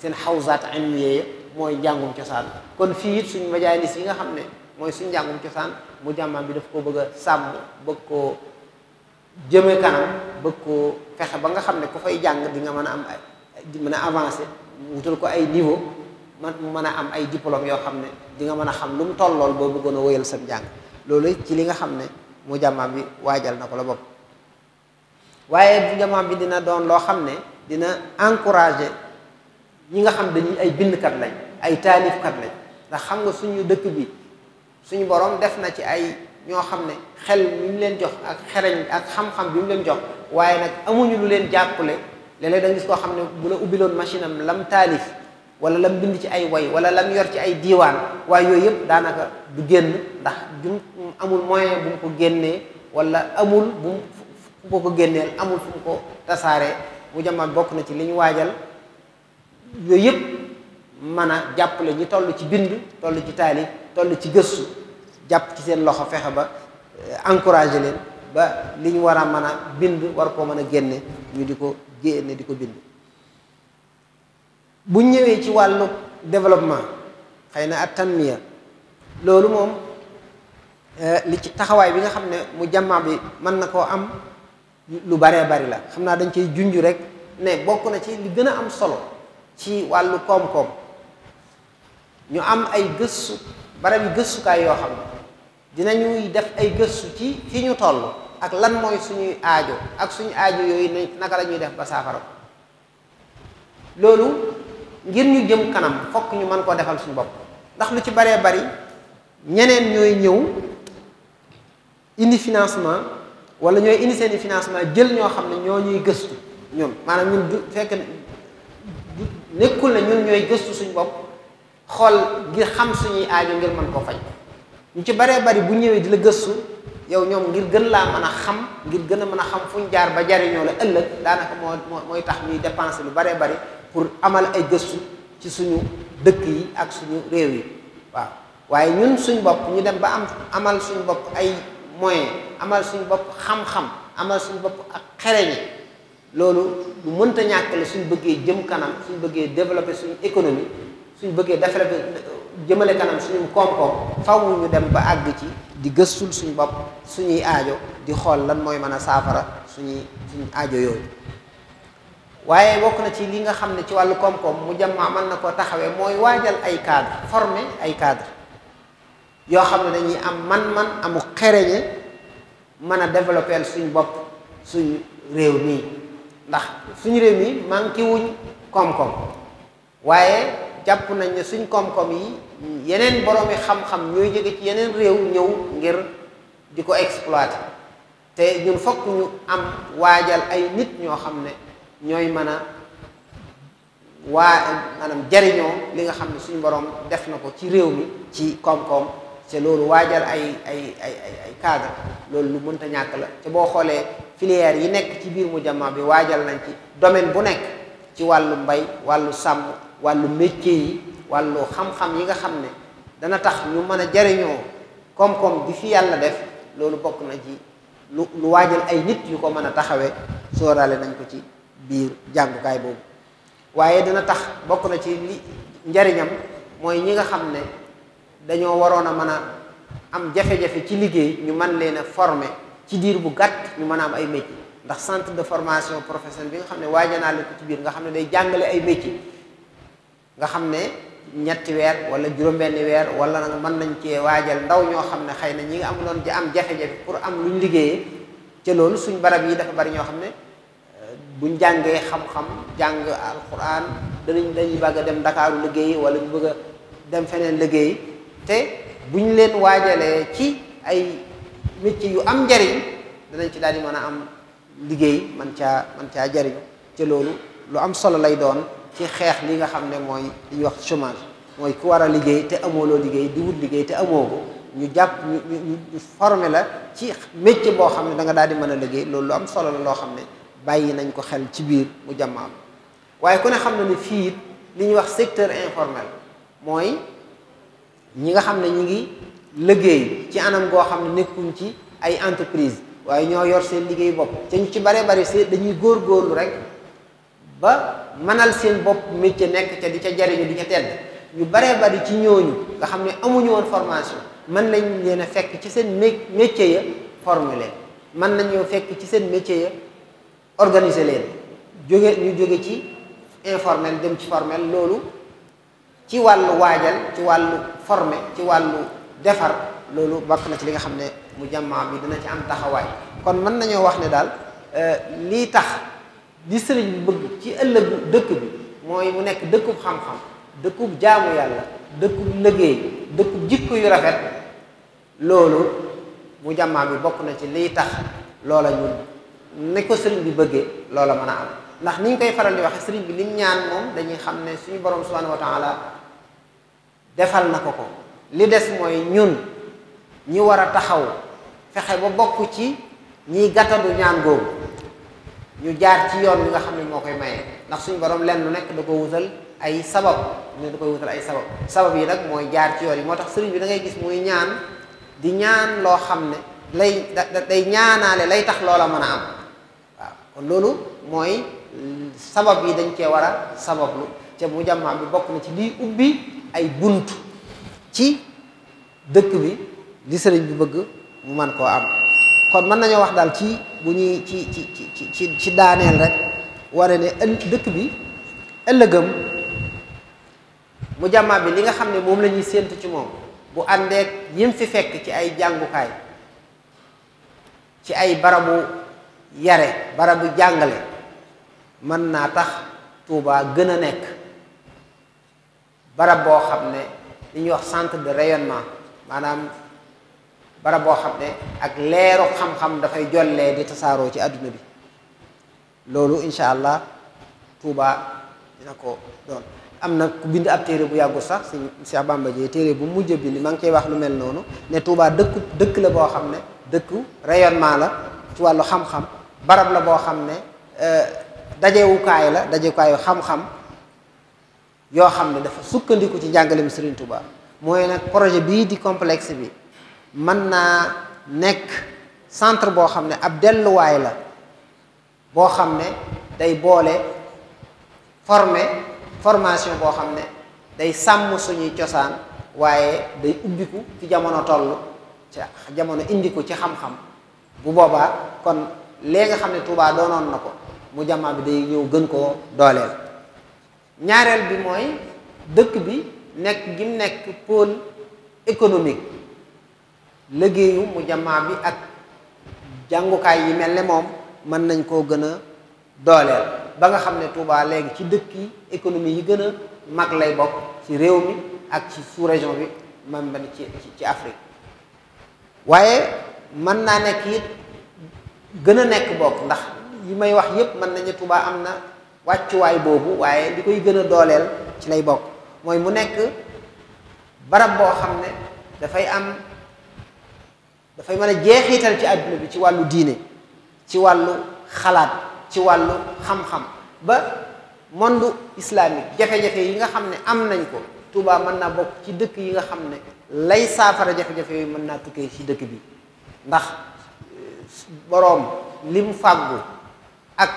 seen xawsaat ilmiya mooy njàngum cosaan kon fii it suñ majaalis yi nga xam ne mooy suñ njàngum cosaan mu jàmmaam bi daf ko bëgg sàmm bëgg koo jëme kanam bëgg ko fexe ba nga xam ne ku fay jàng di nga mën a am ay mën a avancé wutal ko ay niveau man mu mën a am ay diplôme yoo xam ne di nga mën a xam lu mu tollool boo bëggoon a wéyal sam jàng loolu ci li nga xam ne mu jamaam bi waajal na ko la bopp waaye jamaam bi dina doon loo xam ne dina encouragé ñi nga xam dañuy ay bindkat lañ ay taalifkat lañ ndax xam nga suñu dëkk bi suñu borom def na ci ay ñoo xam ne xel bi mu leen jox ak xereñ ak xam-xam bi mu leen jox waaye nag amuñu lu leen jàppale leneen léeg gis koo xam ne bu la ubbiloon machine am lam taalif wala lam bind ci ay woy wala lam yor ci ay diiwaan waaye yooyu yëpp daanaka du génn ndax jum amul moyen bu mu ko génnee wala amul bu amul fu mu ko tasaaree mu jamaat bokk na ci li ñu waajal yooyu yëpp mën a jàppale ñi toll ci bind toll ci taalif toll ci gëstu jàpp ci seen loxo fexe ba euh, encouragé leen ba li war a mën a bind war koo mën a génne ñu di ko génne di ko bind bu ñëwee ci wàllu développement xëy na at tanmiya loolu moom euh, li ci taxawaay bi nga xam ne mu jàmmaa bi mën na koo am lu baree bari la xam naa dañ cay junj rek ne bokk na ci li gën a am solo ci wàllu koom-koom ñu am ay gëstu barab yi gëstukaay yoo xam dinañuy def ay gëstu ci ci ñu toll ak lan mooy suñuy aajo ak suñu aajo yooyu naka la ñuy def ba saafara loolu ngir ñu jëm kanam fokk ñu mën koo defal suñu bopp ndax lu ci baree bari ñeneen ñooy ñëw indi financement wala ñooy indi seeni financement jël ñoo xam ne ñoo ñuy gëstu ñun maanaam ñun du fekk nekkul ne ñun ñooy gëstu suñu bopp xool ngir xam suñuy aajo ngir mën koo faj ñu ci baree bari bu ñëwee dina gëstu yow ñoom ngir gën laa mën a xam ngir gën a mën a xam fu ñu jaar ba jariñoo la ëllëg daanaka moo mooy tax ñuy dépenser lu baree bari pour amal ay gëstu ci suñu dëkk yi ak suñu réew yi waaw waaye ñun suñu bopp ñu dem ba am amal suñu bopp ay moyen amal suñu bopp xam-xam amal suñu bopp ak xereñe loolu lu mënta ñàkk la suñ bëggee jëm kanam suñu bëggee développer suñu économie suñ bëggee développer jëmale kanam suñu koom-koom faw ñu dem ba àgg ci di gëstul suñu bopp suñuy aajo di xool lan mooy mën a saafara suñuy suñu aajo yooyu waaye wokk na ci li nga xam ne ci wàllu koom-koom mu jàmma mën na koo taxawee mooy waajal ay cadre former ay cadre yoo xam ne dañuy am man-man amu xereñe mën a développer suñ bopp suñu réew mii ndax suñu réew mii manqué wuñ koom-koom waaye jàpp nañ ne suñ koom-koom yi yeneen boroomi xam-xam ñooy jóge ci yeneen réew ñëw ngir di ko exploiter te ñun fokk ñu am waajal ay nit ñoo xam ne ñooy mën a waa maanaam jariñoo li nga xam ne suñ borom def na ko ci réew mi ci koom-koom te loolu waajal ay ay ay ay cadre loolu lu mënta ñàkk la te boo xoolee filière yi nekk ci biir mu jamaa bi waajal nañ ci domaine bu nekk ci wàllu mbay wàllu sàmm wàllu métier yi wàllu xam-xam yi nga xam ne dana tax ñu mën a jariñoo koom-koom bi fi yàlla def loolu bokk na ci lu lu waajal ay nit yu ko mën a taxawee sóoraale nañ ko ci biir jàngukaay boobu waaye dana tax bokk na ci li njariñam mooy ñi nga xam ne dañoo waroon a mën a am jafe-jafe ci liggéey ñu man leen a former ci diir bu gàtt ñu mën a am ay métier ndax centre de formation professionnelle bi nga xam ne waajanaa la ko ci biir nga xam ne day jàngale ay métier nga xam ne ñetti weer wala juróom-benni weer wala nag mën nañ cee waajal ndaw ñoo xam ne xëy na ñi nga am loon am jafe-jafe pour am lu ñu liggéeyee ca loolu suñ barab yi dafa bari ñoo xam ne euh, buñ jàngee xam jàng alquran danañ dañuy bëgg a dem Dakaaru liggéey wala ñu bëgg dem feneen liggéey te buñ leen waajalee ci ay métier yu am njariñ danañ ci daal di mën a am liggéey man caa man caa jariñ ca loolu lu am solo lay doon ci xeex li nga xam ne mooy li ñuy wax chômage mooy ku war a liggéey te amoo loo liggéey di wut liggéey te amoo ko ñu jàpp ñu ñu formé la ci métier boo xam ne danga nga daal di mën a liggéey loolu lu am solo la loo xam ne bàyyi nañ ko xel ci biir mu jàmmaam waaye ku ne xam na ni fii it li ñuy wax secteur informel mooy ñi nga xam ne ñi ngi liggéey ci anam goo xam ne nekkuñ ci ay entreprise waaye ñoo yor seen liggéey bopp te ñu ci bare bari see dañuy góor góorlu rek ba mënal seen bopp métier nekk ca di ca jariñu di ca tedd ñu bare bari ci ñooñu nga xam ne amuñu woon formation mën nañ leen a fekk ci seen métier ya former leen mën nañoo fekk ci seen métier ya organiser leen jóge ñu jóge ci informel dem ci formel loolu ci wàllu waajal ci wàllu former ci wàllu defar loolu bokk na ci li nga xam ne mu jàmmaa bi dina ci am taxawaay kon mën nañoo wax ne daal euh, lii tax li sëriñ bi bëgg ci ëllëg dëkk bi mooy mu nekk dëkkub xam-xam dëkkub jaamu yàlla dëkkub liggéey dëkkub jikko yu rafet loolu mu jàmmaa bi bokk na ci liy tax loola ñu ni ko sëriñ bi bëggee loola mën a am ndax niñ koy faral di waxee sëriñ bi lim ñaan moom dañuy xam ne suñu borom subhanahu wa taala defal na ko ko li des mooy ñun ñi war a taxaw fexe ba bokk ci ñiy gàttadu ñaan googu ñu jaar ci yoon bi nga xam ne moo koy maye ndax suñu borom lenn lu nekk da ko wutal ay sabab ñu da koy wutal ay sabab sabab yi nag mooy jaar ci yoon yi moo tax sëriñ bi da ngay gis ñaan di ñaan loo xam ne lay ñaanaale lay tax loola mën a am kon loolu mooy sabab yi dañ cee war a sabablu te mu jàmmaa bi bokk na ci liy ubbi ay bunt ci dëkk bi li sëriñ bi bëgg mu man koo am kon mën nañoo wax daal ci bu ñuy ci ci ci ci ci daaneel rek ware ne dëkk bi ëllëgam mu jamaa bi li nga xam ne moom lañuy ñuy séentu ci moom bu àndeek ñim fi fekk ci ay jàngukaay ci ay barabu yare barabu jàngale mën naa tax Touba gën a nekk barab boo xam ne li ñuy wax centre de rayonement maanaam barab boo xam ne ak leeru xam-xam dafay jollee di tasaaroo ci àdduna bi loolu incha allah Touba dina ko doon am na ku bind ab téere bu yàggu sax si Cheikh Bamba téere bu mujj bi maa ngi koy wax lu mel noonu ne Touba dëkku dëkk la boo xam ne dëkku rayonnement la ci wàllu xam-xam barab la boo xam ne euh, dajewukaay la dajewukaayu xam-xam yoo xam ne dafa sukkandiku ci njàngaleem Serigne Touba mooy nag projet bii di complexe bi. mën naa nekk centre boo xam ne ab delluwaay la boo xam ne day boole forme formation boo xam ne day sàmm suñuy cosaan waaye day ubbiku fi jamono toll ci jamono indiku ci xam-xam bu boobaa kon lee nga xam ne Tuubaa doonoon na ko mu jamaa bi day ñëw gën koo dooleel ñaareel bi mooy dëkk bi nekk gim nekk pôle économique liggéeyu mu jamaa bi ak jàngukaay yi mel ne moom mën nañ koo gën a dooleel ba nga xam ne Touba léegi ci dëkk yi économie yi gën a mag lay bokk ci réew mi ak ci sous région bi man ba ci ci Afrique waaye mën naa nekk it gën a nekk bokk ndax yi may wax yépp mën nañu Touba am na wàccuwaay boobu waaye li koy gën a dooleel ci lay bokk mooy mu nekk barab boo xam ne dafay am dafay mën a jeexital ci àdduna bi ci wàllu diine ci wàllu xalaat ci wàllu xam-xam ba monde islamique jafe-jafe yi nga xam ne am nañ ko Touba mën naa bokk ci dëkk yi nga xam ne lay saafara jafe-jafe yooyu mën naa tukkee ci dëkk bi ndax eh, boroom lim fàggu ak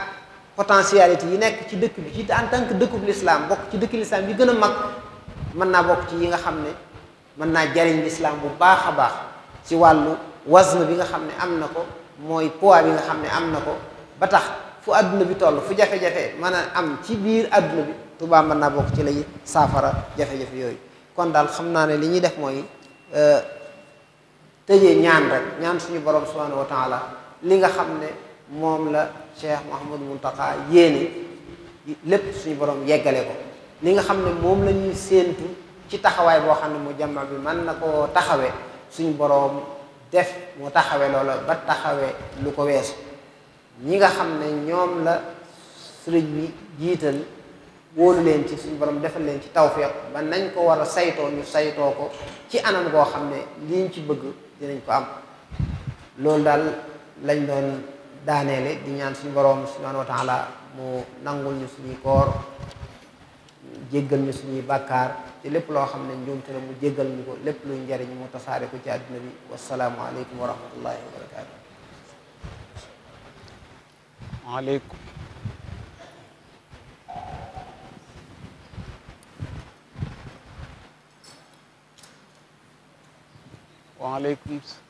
potentialité yi nekk ci dëkk bi ci en tant que dëkkub lislaam bokk ci dëkk lislaam yi gën a mag mën naa bokk ci yi nga xam ne mën naa jariñ lislaam bu baax a baax ci wàllu wazn bi nga xam ne am na ko mooy pois bi nga xam ne am na ko ba tax fu àdduna bi toll fu jafe-jafe mën a am ci biir àdduna bi Tuubaa mën naa bokk ci lay saafara jafe-jafe yooyu kon daal xam naa ne li ñuy def mooy euh, tëjee ñaan rek ñaan suñu borom subhaanahu wa taala li nga xam ne moom la Cheikh Mouhamadou Mountakha yéene lépp suñu borom yeggale ko li nga xam ne moom la ñuy séentu ci taxawaay boo xam ne mu jàmma bi mën na koo taxawee suñu boroom def mu taxawe loola ba taxawe lu ko weesu ñi nga xam ne ñoom la sëriñ bi jiital wóolu leen ci suñu borom defal leen ci tawféex ba nañ ko war a saytoo ñu saytoo ko ci anam goo xam ne liñ ci bëgg dinañ ko am loolu daal lañ doon daaneele di ñaan suñu borom subhaanahu wa taala mu nangul ñu suñuy koor jéggal ñu suñuy bàkkaar ci lépp loo xam ne njuumte mu jéggal ñu ko lépp luy njariñ mu tasaare ko ci àdduna bi wasalaamu aleykum wa rahmatullahi wa barakaatu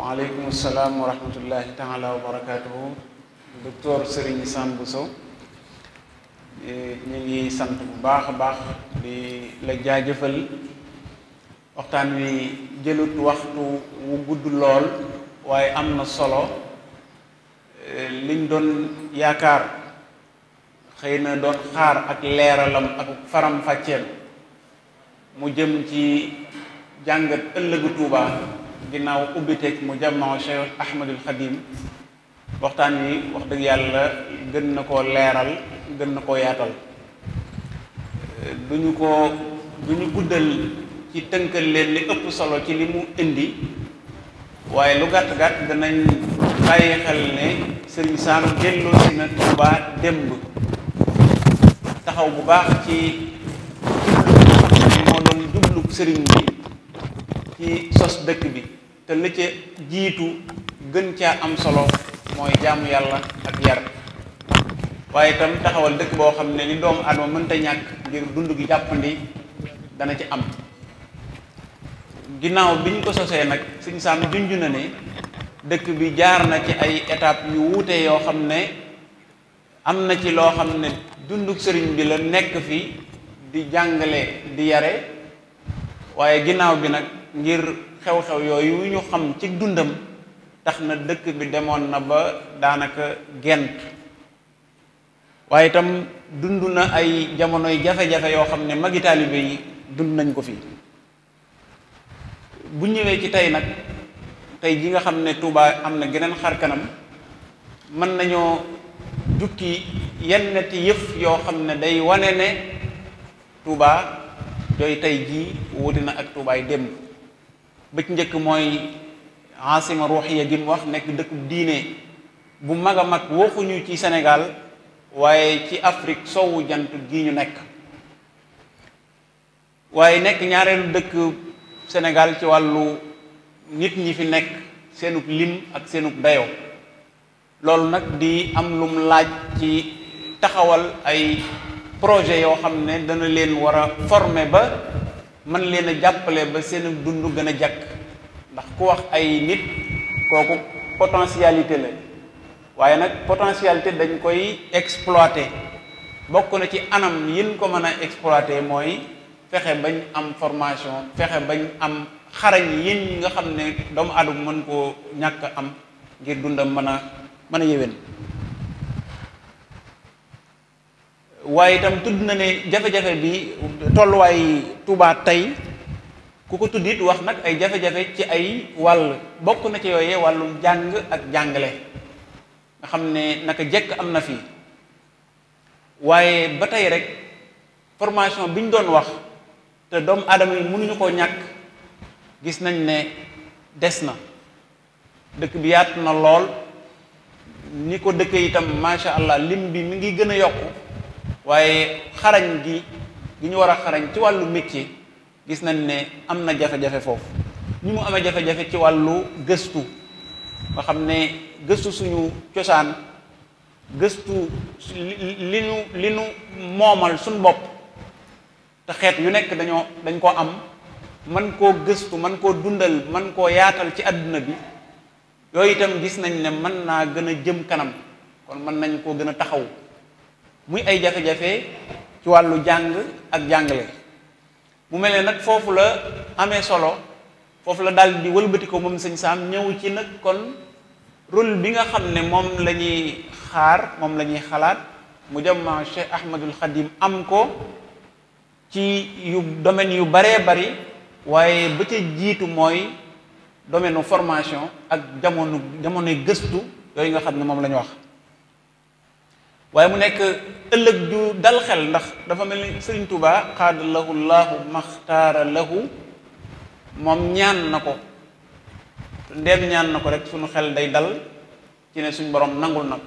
waaleykum salaam wa rahmatullahi taala wa barakaatuhu docteur Serigne Sam Bousso eh, ñu ngi sant bu baax a baax di la jaajëfal waxtaan wi jëlut waxtu wu gudd lool waaye am na solo eh, liñ doon yaakaar xëy na doon xaar ak leeralam ak faram fàcceem mu jëm ci jàngat ëllëgu Tuubaa ginnaaw ubbiteeg mu jamono Cheikh Ahmadul Xadim waxtaan wi wax dëgg yàlla gën na koo leeral gën na ko yaatal duñu ko duñu guddal ci tënkal leen li ëpp solo ci li mu indi waaye lu gàtt gàtt danañ bàyyi xel ne sëriñ Saam delloo si na Tuuba démb taxaw bu baax ci jublu moo doon jublu sëriñ bi ci sos dëkk bi te la ca jiitu gën caa am solo mooy jaamu yàlla ak yar waaye itam taxawal dëkk boo xam ne ni doomu aadama mënta ñàkk ngir dund gi jàppandi dana ci am ginnaaw bi ñu ko sosee nag Sëñ Saam junj na ne dëkk bi jaar na ci ay étapes yu wuute yoo xam ne am na ci loo xam ne dunduk sëriñ bi la nekk fi di jàngale di yare waaye ginnaaw bi nag ngir xew-xew yooyu ñu xam ci dundam tax na dëkk bi demoon na ba daanaka gent waaye tam dund na ay jamonoy jafe-jafe yoo xam ne magi taalibe yi dund nañ ko fii bu ñëwee ci tey nag tey ji nga xam ne tuubaa am na geneen xar kanam mën nañoo jukki yenneti yëf yoo xam ne day wane ne Touba jooy tey jii wuti na ak tuubaay démb ba ci njëkk mooy asima ruuxiya gi mu wax nekk dëkk diine bu mag a mag waxuñu ci Sénégal waaye ci Afrique sowu jant gi ñu nekk waaye nekk ñaareelu dëkk senegal ci wàllu nit ñi fi nekk seenub lim ak seenub dayoo loolu nag di am lum laaj ci taxawal ay projet yoo xam ne dana leen war a former ba man leen a jàppale ba seen dund gën a jàkk ndax ku wax ay nit kooku potentialité la waaye nag potentialité dañ koy exploité bokk na ci anam yin ko mën a exploité mooy fexe bañ am formation fexe bañ am xarañ yin nga xam ne doomu aadama mën koo ñàkk am ngir dund dundam mën a mën a yéwén waaye itam tudd na ne jafe-jafe bi tolluwaay Touba tey ku ko tudd wax nag ay jafe-jafe ci ay wàll bokk na ci yooyee wàllum jàng ak jàngale nga xam ne naka jekk am na fi waaye ba tey rek formation bi ñu doon wax te doomu aadama yi mënuñu koo ñàkk gis nañ ne des na dëkk bi yaatu na lool ni ko dëkkee itam macha allah lim bi mu ngi gën a yokku waaye xarañ gi gi ñu war a xarañ ci wàllu métier gis nañ ne am na jafe-jafe foofu ñi mu amee jafe-jafe ci wàllu gëstu nga xam ne gëstu suñu cosaan gëstu li li nu moomal suñu bopp te xeet yu nekk dañoo dañ koo am man koo gëstu man koo dundal man koo yaatal ci àdduna bi yooyu itam gis nañ ne mën naa gën a jëm kanam kon mën nañ koo gën a taxaw muy ay jafe-jafe ci wàllu jàng ak jàngale mu mel ne nag foofu la amee solo foofu la daal di wëlbati ko moom sëñ Saam ñëw ci nag kon rôle bi nga xam ne moom la ñuy xaar moom la ñuy xalaat mu jëm Cheikh Ahmadul Khadim am ko ci yu domaine yu baree bari waaye ba jiitu mooy domaine formation ak jamono jamonoy gëstu yooyu nga xam ne moom la wax. waaye mu nekk ëllëg ju dal xel ndax dafa mel ni sëriñ tubaa xaada lahu laahu maxtaara lahu moom ñaan na ko ndeem ñaan na ko rek suñu xel day dal ci ne suñ borom nangul nag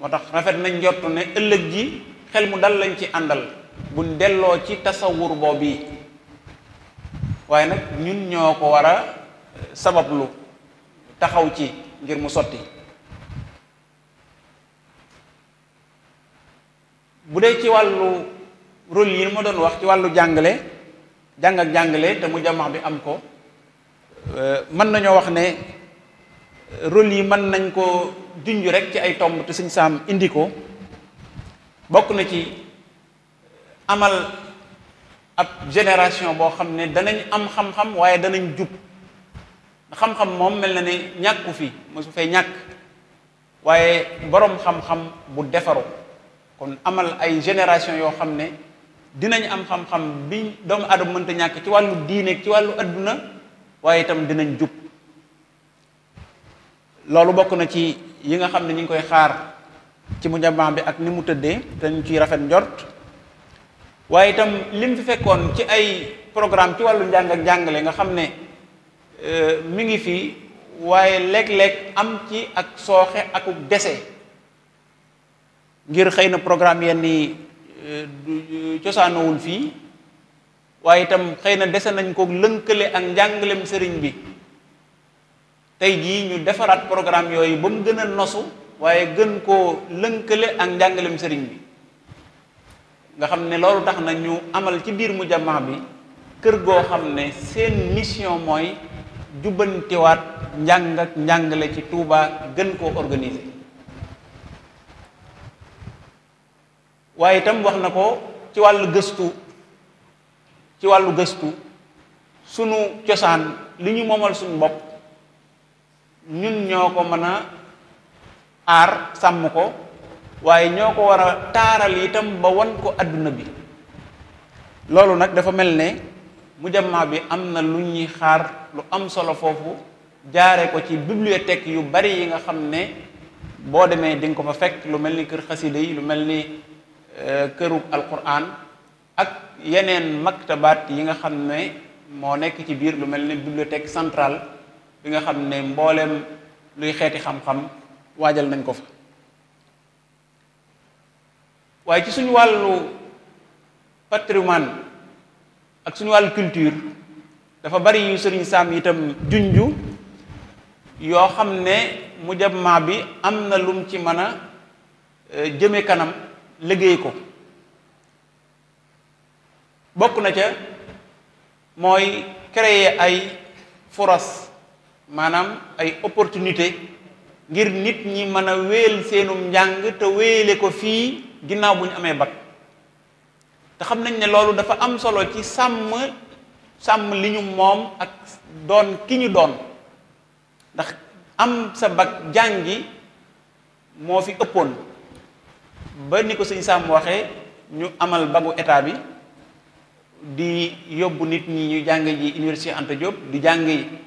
moo tax rafet nañ njort ne ëllëg ji xel mu dal lañ ci àndal buñ delloo ci tasawur boobu yi waaye nag ñun ñoo ko war a sabablu taxaw ci ngir mu sotti bu dee ci wàllu rôle yi ma doon wax ci wàllu jàngale jàng ak jàngale te mu jamax bi am ko euh, mën nañoo wax ne rôle yi mën nañ ko junj rek ci ay tomb te suñ indi ko bokk na ci amal ab génération boo xam ne danañ am xam-xam waaye danañ jub xam-xam moom mel na ne ñàkku fi mosu fay ñàkk waaye boroom xam-xam bu defaru amal ay génération yoo xam ne dinañ am xam-xam bi doomu aadama mënta ñàkk ci wàllu diine ci wàllu adduna waaye itam dinañ jub loolu bokk na ci yi nga xam ne ñu ngi koy xaar ci mu jamaa bi ak ni mu tëddee te ñu ciy rafet njort waaye itam lim fi fekkoon ci ay programme ci wàllu njàng ak njàngale nga xam ne euh, mi ngi fii waaye léeg-léeg am ci ak sooxe ak dese ngir xëy na programme yenn yi euh, cosaanowul fii waaye itam xëy na dese nañ ko lënkale ak njàngalem sëriñ bi tey jii ñu defaraat programme yooyu ba mu gën a nosu waaye gën koo lënkale ak njàngalem sëriñ bi nga xam ne loolu tax na ñu amal ci biir mu jamaa bi kër goo xam ne seen mission mooy jubbantiwaat njàng ak njàngale ci Touba gën koo organiser waaye itam wax na ko ci wàllu gëstu ci wàllu gëstu sunu cosaan li ñu moomal suñu bopp ñun ñoo ko mën a aar sàmm ko waaye ñoo ko war a taaral itam ba wan ko àdduna bi loolu nag dafa mel ne mujammaa bi am na lu ñuy xaar lu am solo foofu jaare ko ci bibliothèque yu bari yi nga xam ne boo demee di ko fa fekk lu mel ni kër xasida yi lu mel ni Euh, kërub alquran ak yeneen maktabaat yi nga xam ne moo nekk ci biir lu mel ne bibliothèque central bi nga xam ne mbooleem luy xeeti xam-xam waajal nañ ko fa waaye ci suñu wàllu patrimoine ak suñu wàllu culture dafa bari yu sëriñ Sam itam junju yoo xam ne mujjab ma bi am na lum ci mën a euh, jëme kanam liggéey ko bokk na ca mooy créer ay foras maanaam ay opportunité ngir nit ñi mën a wéel seenu njàng te wéele ko fii ginnaaw bu ñu amee bac te xam nañ ne loolu dafa am solo ci sàmm sàmm li ñu moom ak doon ki ñu doon ndax am sa bac jàngi moo fi ëppoon ba ni ko sëñ Sam waxee ñu amal bagu état bi di yóbbu nit ñi ñu jàng ji université Anta Diop di jàng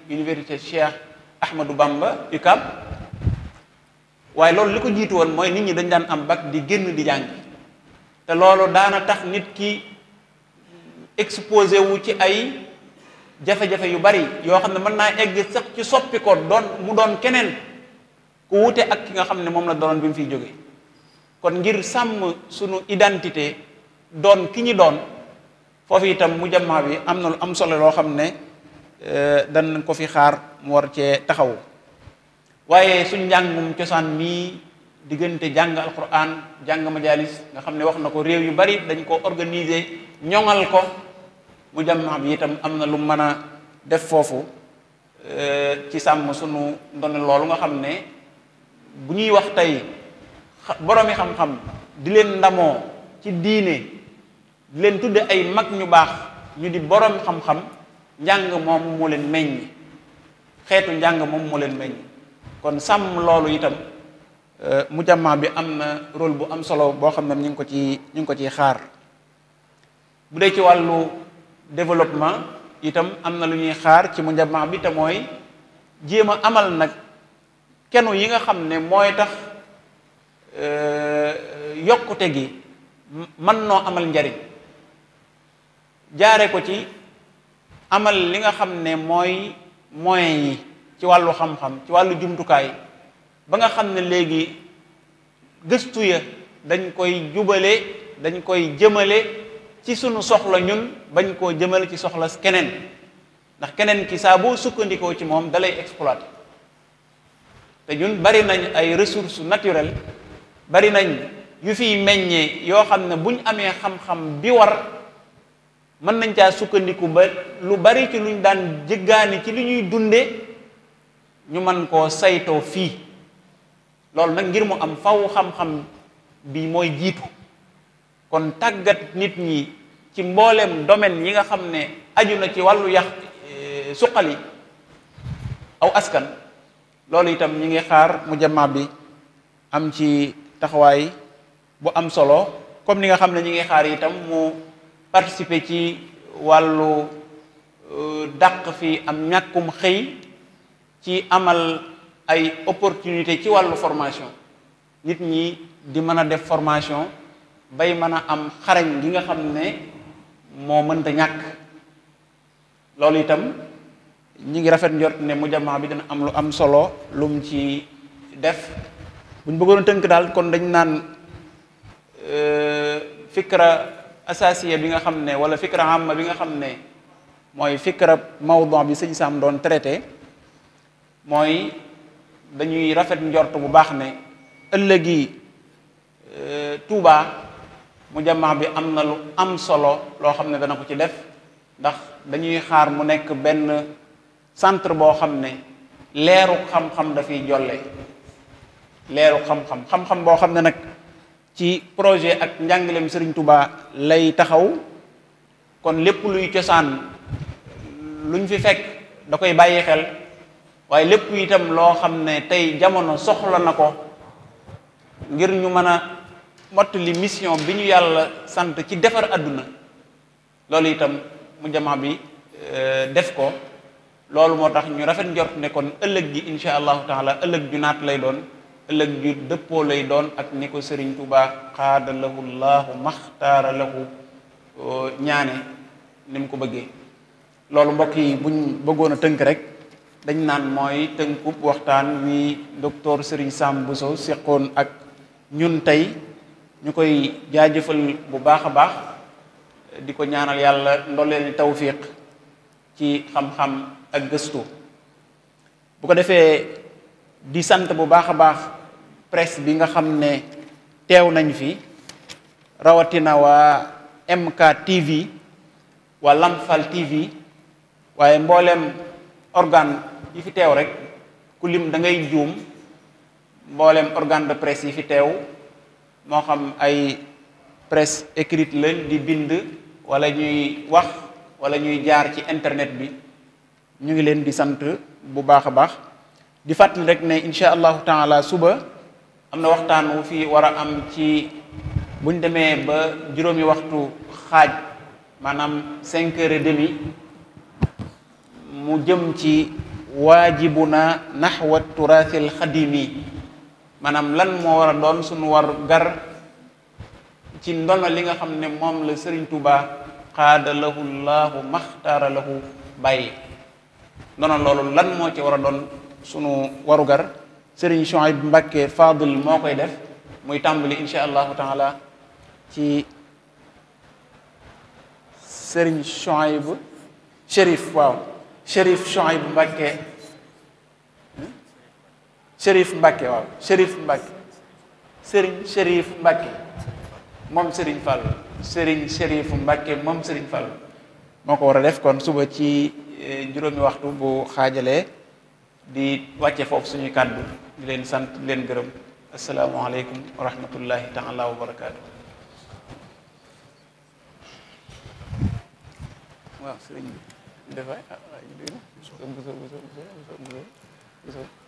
université Cheikh Ahmadou Bamba UCAB waaye loolu li ko jiitu woon mooy nit ñi dañu daan am bag di génn di jàng te loolu daana tax nit ki exposé wu ci ay jafe-jafe yu bari yoo xam ne mën naa egg sax ci soppi ko doon mu doon keneen ku wute ak ki nga xam ne moom la doon bi mu fiy jóge kon ngir sàmm sunu identité doon ki ñi doon foofu itam mu jamaa bi am na lu am solo loo xam ne eh, danañ ko fi xaar mu war cee taxaw waaye suñ njàngum cosaan mii diggante jàng alquran jàng majalis nga xam ne wax na ko réew yu bari dañ ko organiser ñoŋal ko mu jamaa bi itam am na lu mën a def foofu eh, ci sàmm sunu ndone loolu nga xam ne bu ñuy wax tey boroomi xam-xam di leen ndamoo ci diine di leen tudde ay mag ñu baax ñu di boroom xam-xam njàng moom moo leen meññ xeetu njàng moom moo leen meññ kon sàmm loolu itam euh, mujamma bi am na rôle bu am solo boo xam ne ñu ngi ko ci ñu ngi ko ciy xaar bu dee ci wàllu développement itam am na lu ñuy xaar ci mujamma bi te mooy jéem a amal nag kenu yi nga xam ne mooy tax Euh, yokkute gi man noo amal njariñ jaare ko ci amal li nga xam ne mooy moyens yi ci wàllu xam-xam ci wàllu jumtukaay ba nga xam ne léegi gëstu ya dañ koy jubale dañ koy jëmale ci sunu soxla ñun bañ koo jëmale ci soxla keneen ndax keneen ki saa boo sukkandikoo ci moom dalay exploité te ñun bari nañ ay ressources naturelles bari nañ yu fiy meññee yoo xam ne buñ amee xam-xam bi war mën nañ caa sukkandiku ba lu bari ci luñ daan jëggaani ci li ñuy dunde ñu mën koo saytoo fii loolu nag ngir mu am faw xam-xam bi mooy jiitu kon tàggat nit ñi ci mboolem domaine yi nga xam ne aju na ci wàllu yàq eh, suqali aw askan loolu itam ñi ngi xaar mu jamaa bi am ci taxawaay bu am solo comme li nga xam ne ñi ngi xaar itam mu participer ci wàllu euh, dàq fii am ñàkkum xëy ci amal ay opportunité ci wàllu formation nit ñi di mën a def formation bay mën a am xarañ gi nga xam ne moo mënta ñàkk loolu itam ñi ngi rafet njort ne mu jamaa bi dina am lu am solo lum ci def bu ñu bëggoon tënk daal kon dañ naan euh, fikra asasiya bi nga xam ne wala fikra amma bi nga xam ne mooy fikra mawdon bi sëñ Sam doon traité mooy dañuy rafet njort bu baax ne ëllëgi euh, Touba mu jamaa bi am na lu am solo loo xam ne dana ko ci def ndax dañuy xaar mu nekk benn centre boo xam ne leeru xam-xam dafiy jolle leeru xam-xam xam-xam boo xam ne nag ci projet ak njàngaleem Serigne Touba lay taxaw kon lépp luy cosaan lu ñu fi fekk da koy bàyyi xel waaye lépp itam loo xam ne tey jamono soxla na ko ngir ñu mën a mbott li mission bi ñu yàlla sant ci defar àdduna loolu itam mu jamaa bi euh, def ko loolu moo tax ñu rafet njort ne kon ëllëg gi insha allahu taala ëllëg ju naat lay doon ëllëg ju dëppoo lay doon ak ni ko sëriñ Tuubaa xaada lahu laahu maxtaara lahu ñaane ni mu ko bëggee loolu mbokk yi buñ bëggoon a tënk rek dañ naan mooy tënkub waxtaan wi docteur sëriñ Sam Bousso seqoon ak ñun tey ñu koy jaajëfal bu baax a baax di ko ñaanal yàlla ndolleeli tawfiq ci xam-xam ak gëstu bu ko defee di sant bu baax a baax presse bi nga xam ne teew nañ fi rawatina waa MK TV waa waaye mbooleem organ yi fi teew rek ku lim da ngay juum mbooleem organe de presse yi fi teew moo xam ay presse écrite lañ di bind wala ñuy wax wala ñuy jaar ci internet bi ñu ngi leen di sant bu baax a baax di fàttali rek ne incha allahu taala suba am na waxtaan wu fi war a am ci buñ demee ba juróomi waxtu xaaj maanaam cinq heures demi mu jëm ci waajibuna naxwa turaasil xadimi maanaam lan moo war a doon suñu war gar ci ndono li nga xam ne moom la sëriñ Tuuba xaada lahu llaahu maxtaara lahu bàyyi ndono loolu lan moo ci war a doon sunu warugar sëriñ bu Mbacké Fadul moo koy def muy tàmbali incha allahu taala ci sëriñ Chouaib Chérif waaw Chérif Chouaib Mbacké Chérif Mbacké waaw Chérif Mbacké sëriñ Chérif Mbacké moom sëriñ Fallou sëriñ Chérif Mbacké moom sëriñ Fallou moo ko war a def kon suba ci eh, juróomi waxtu bu xaajalee di wàcce foofu suñuy kàddu di leen sant di leen gërëm asalaamualeykum wa rahmatullahi taala wa barakaatu. waaw sëriñ bi dafa ah,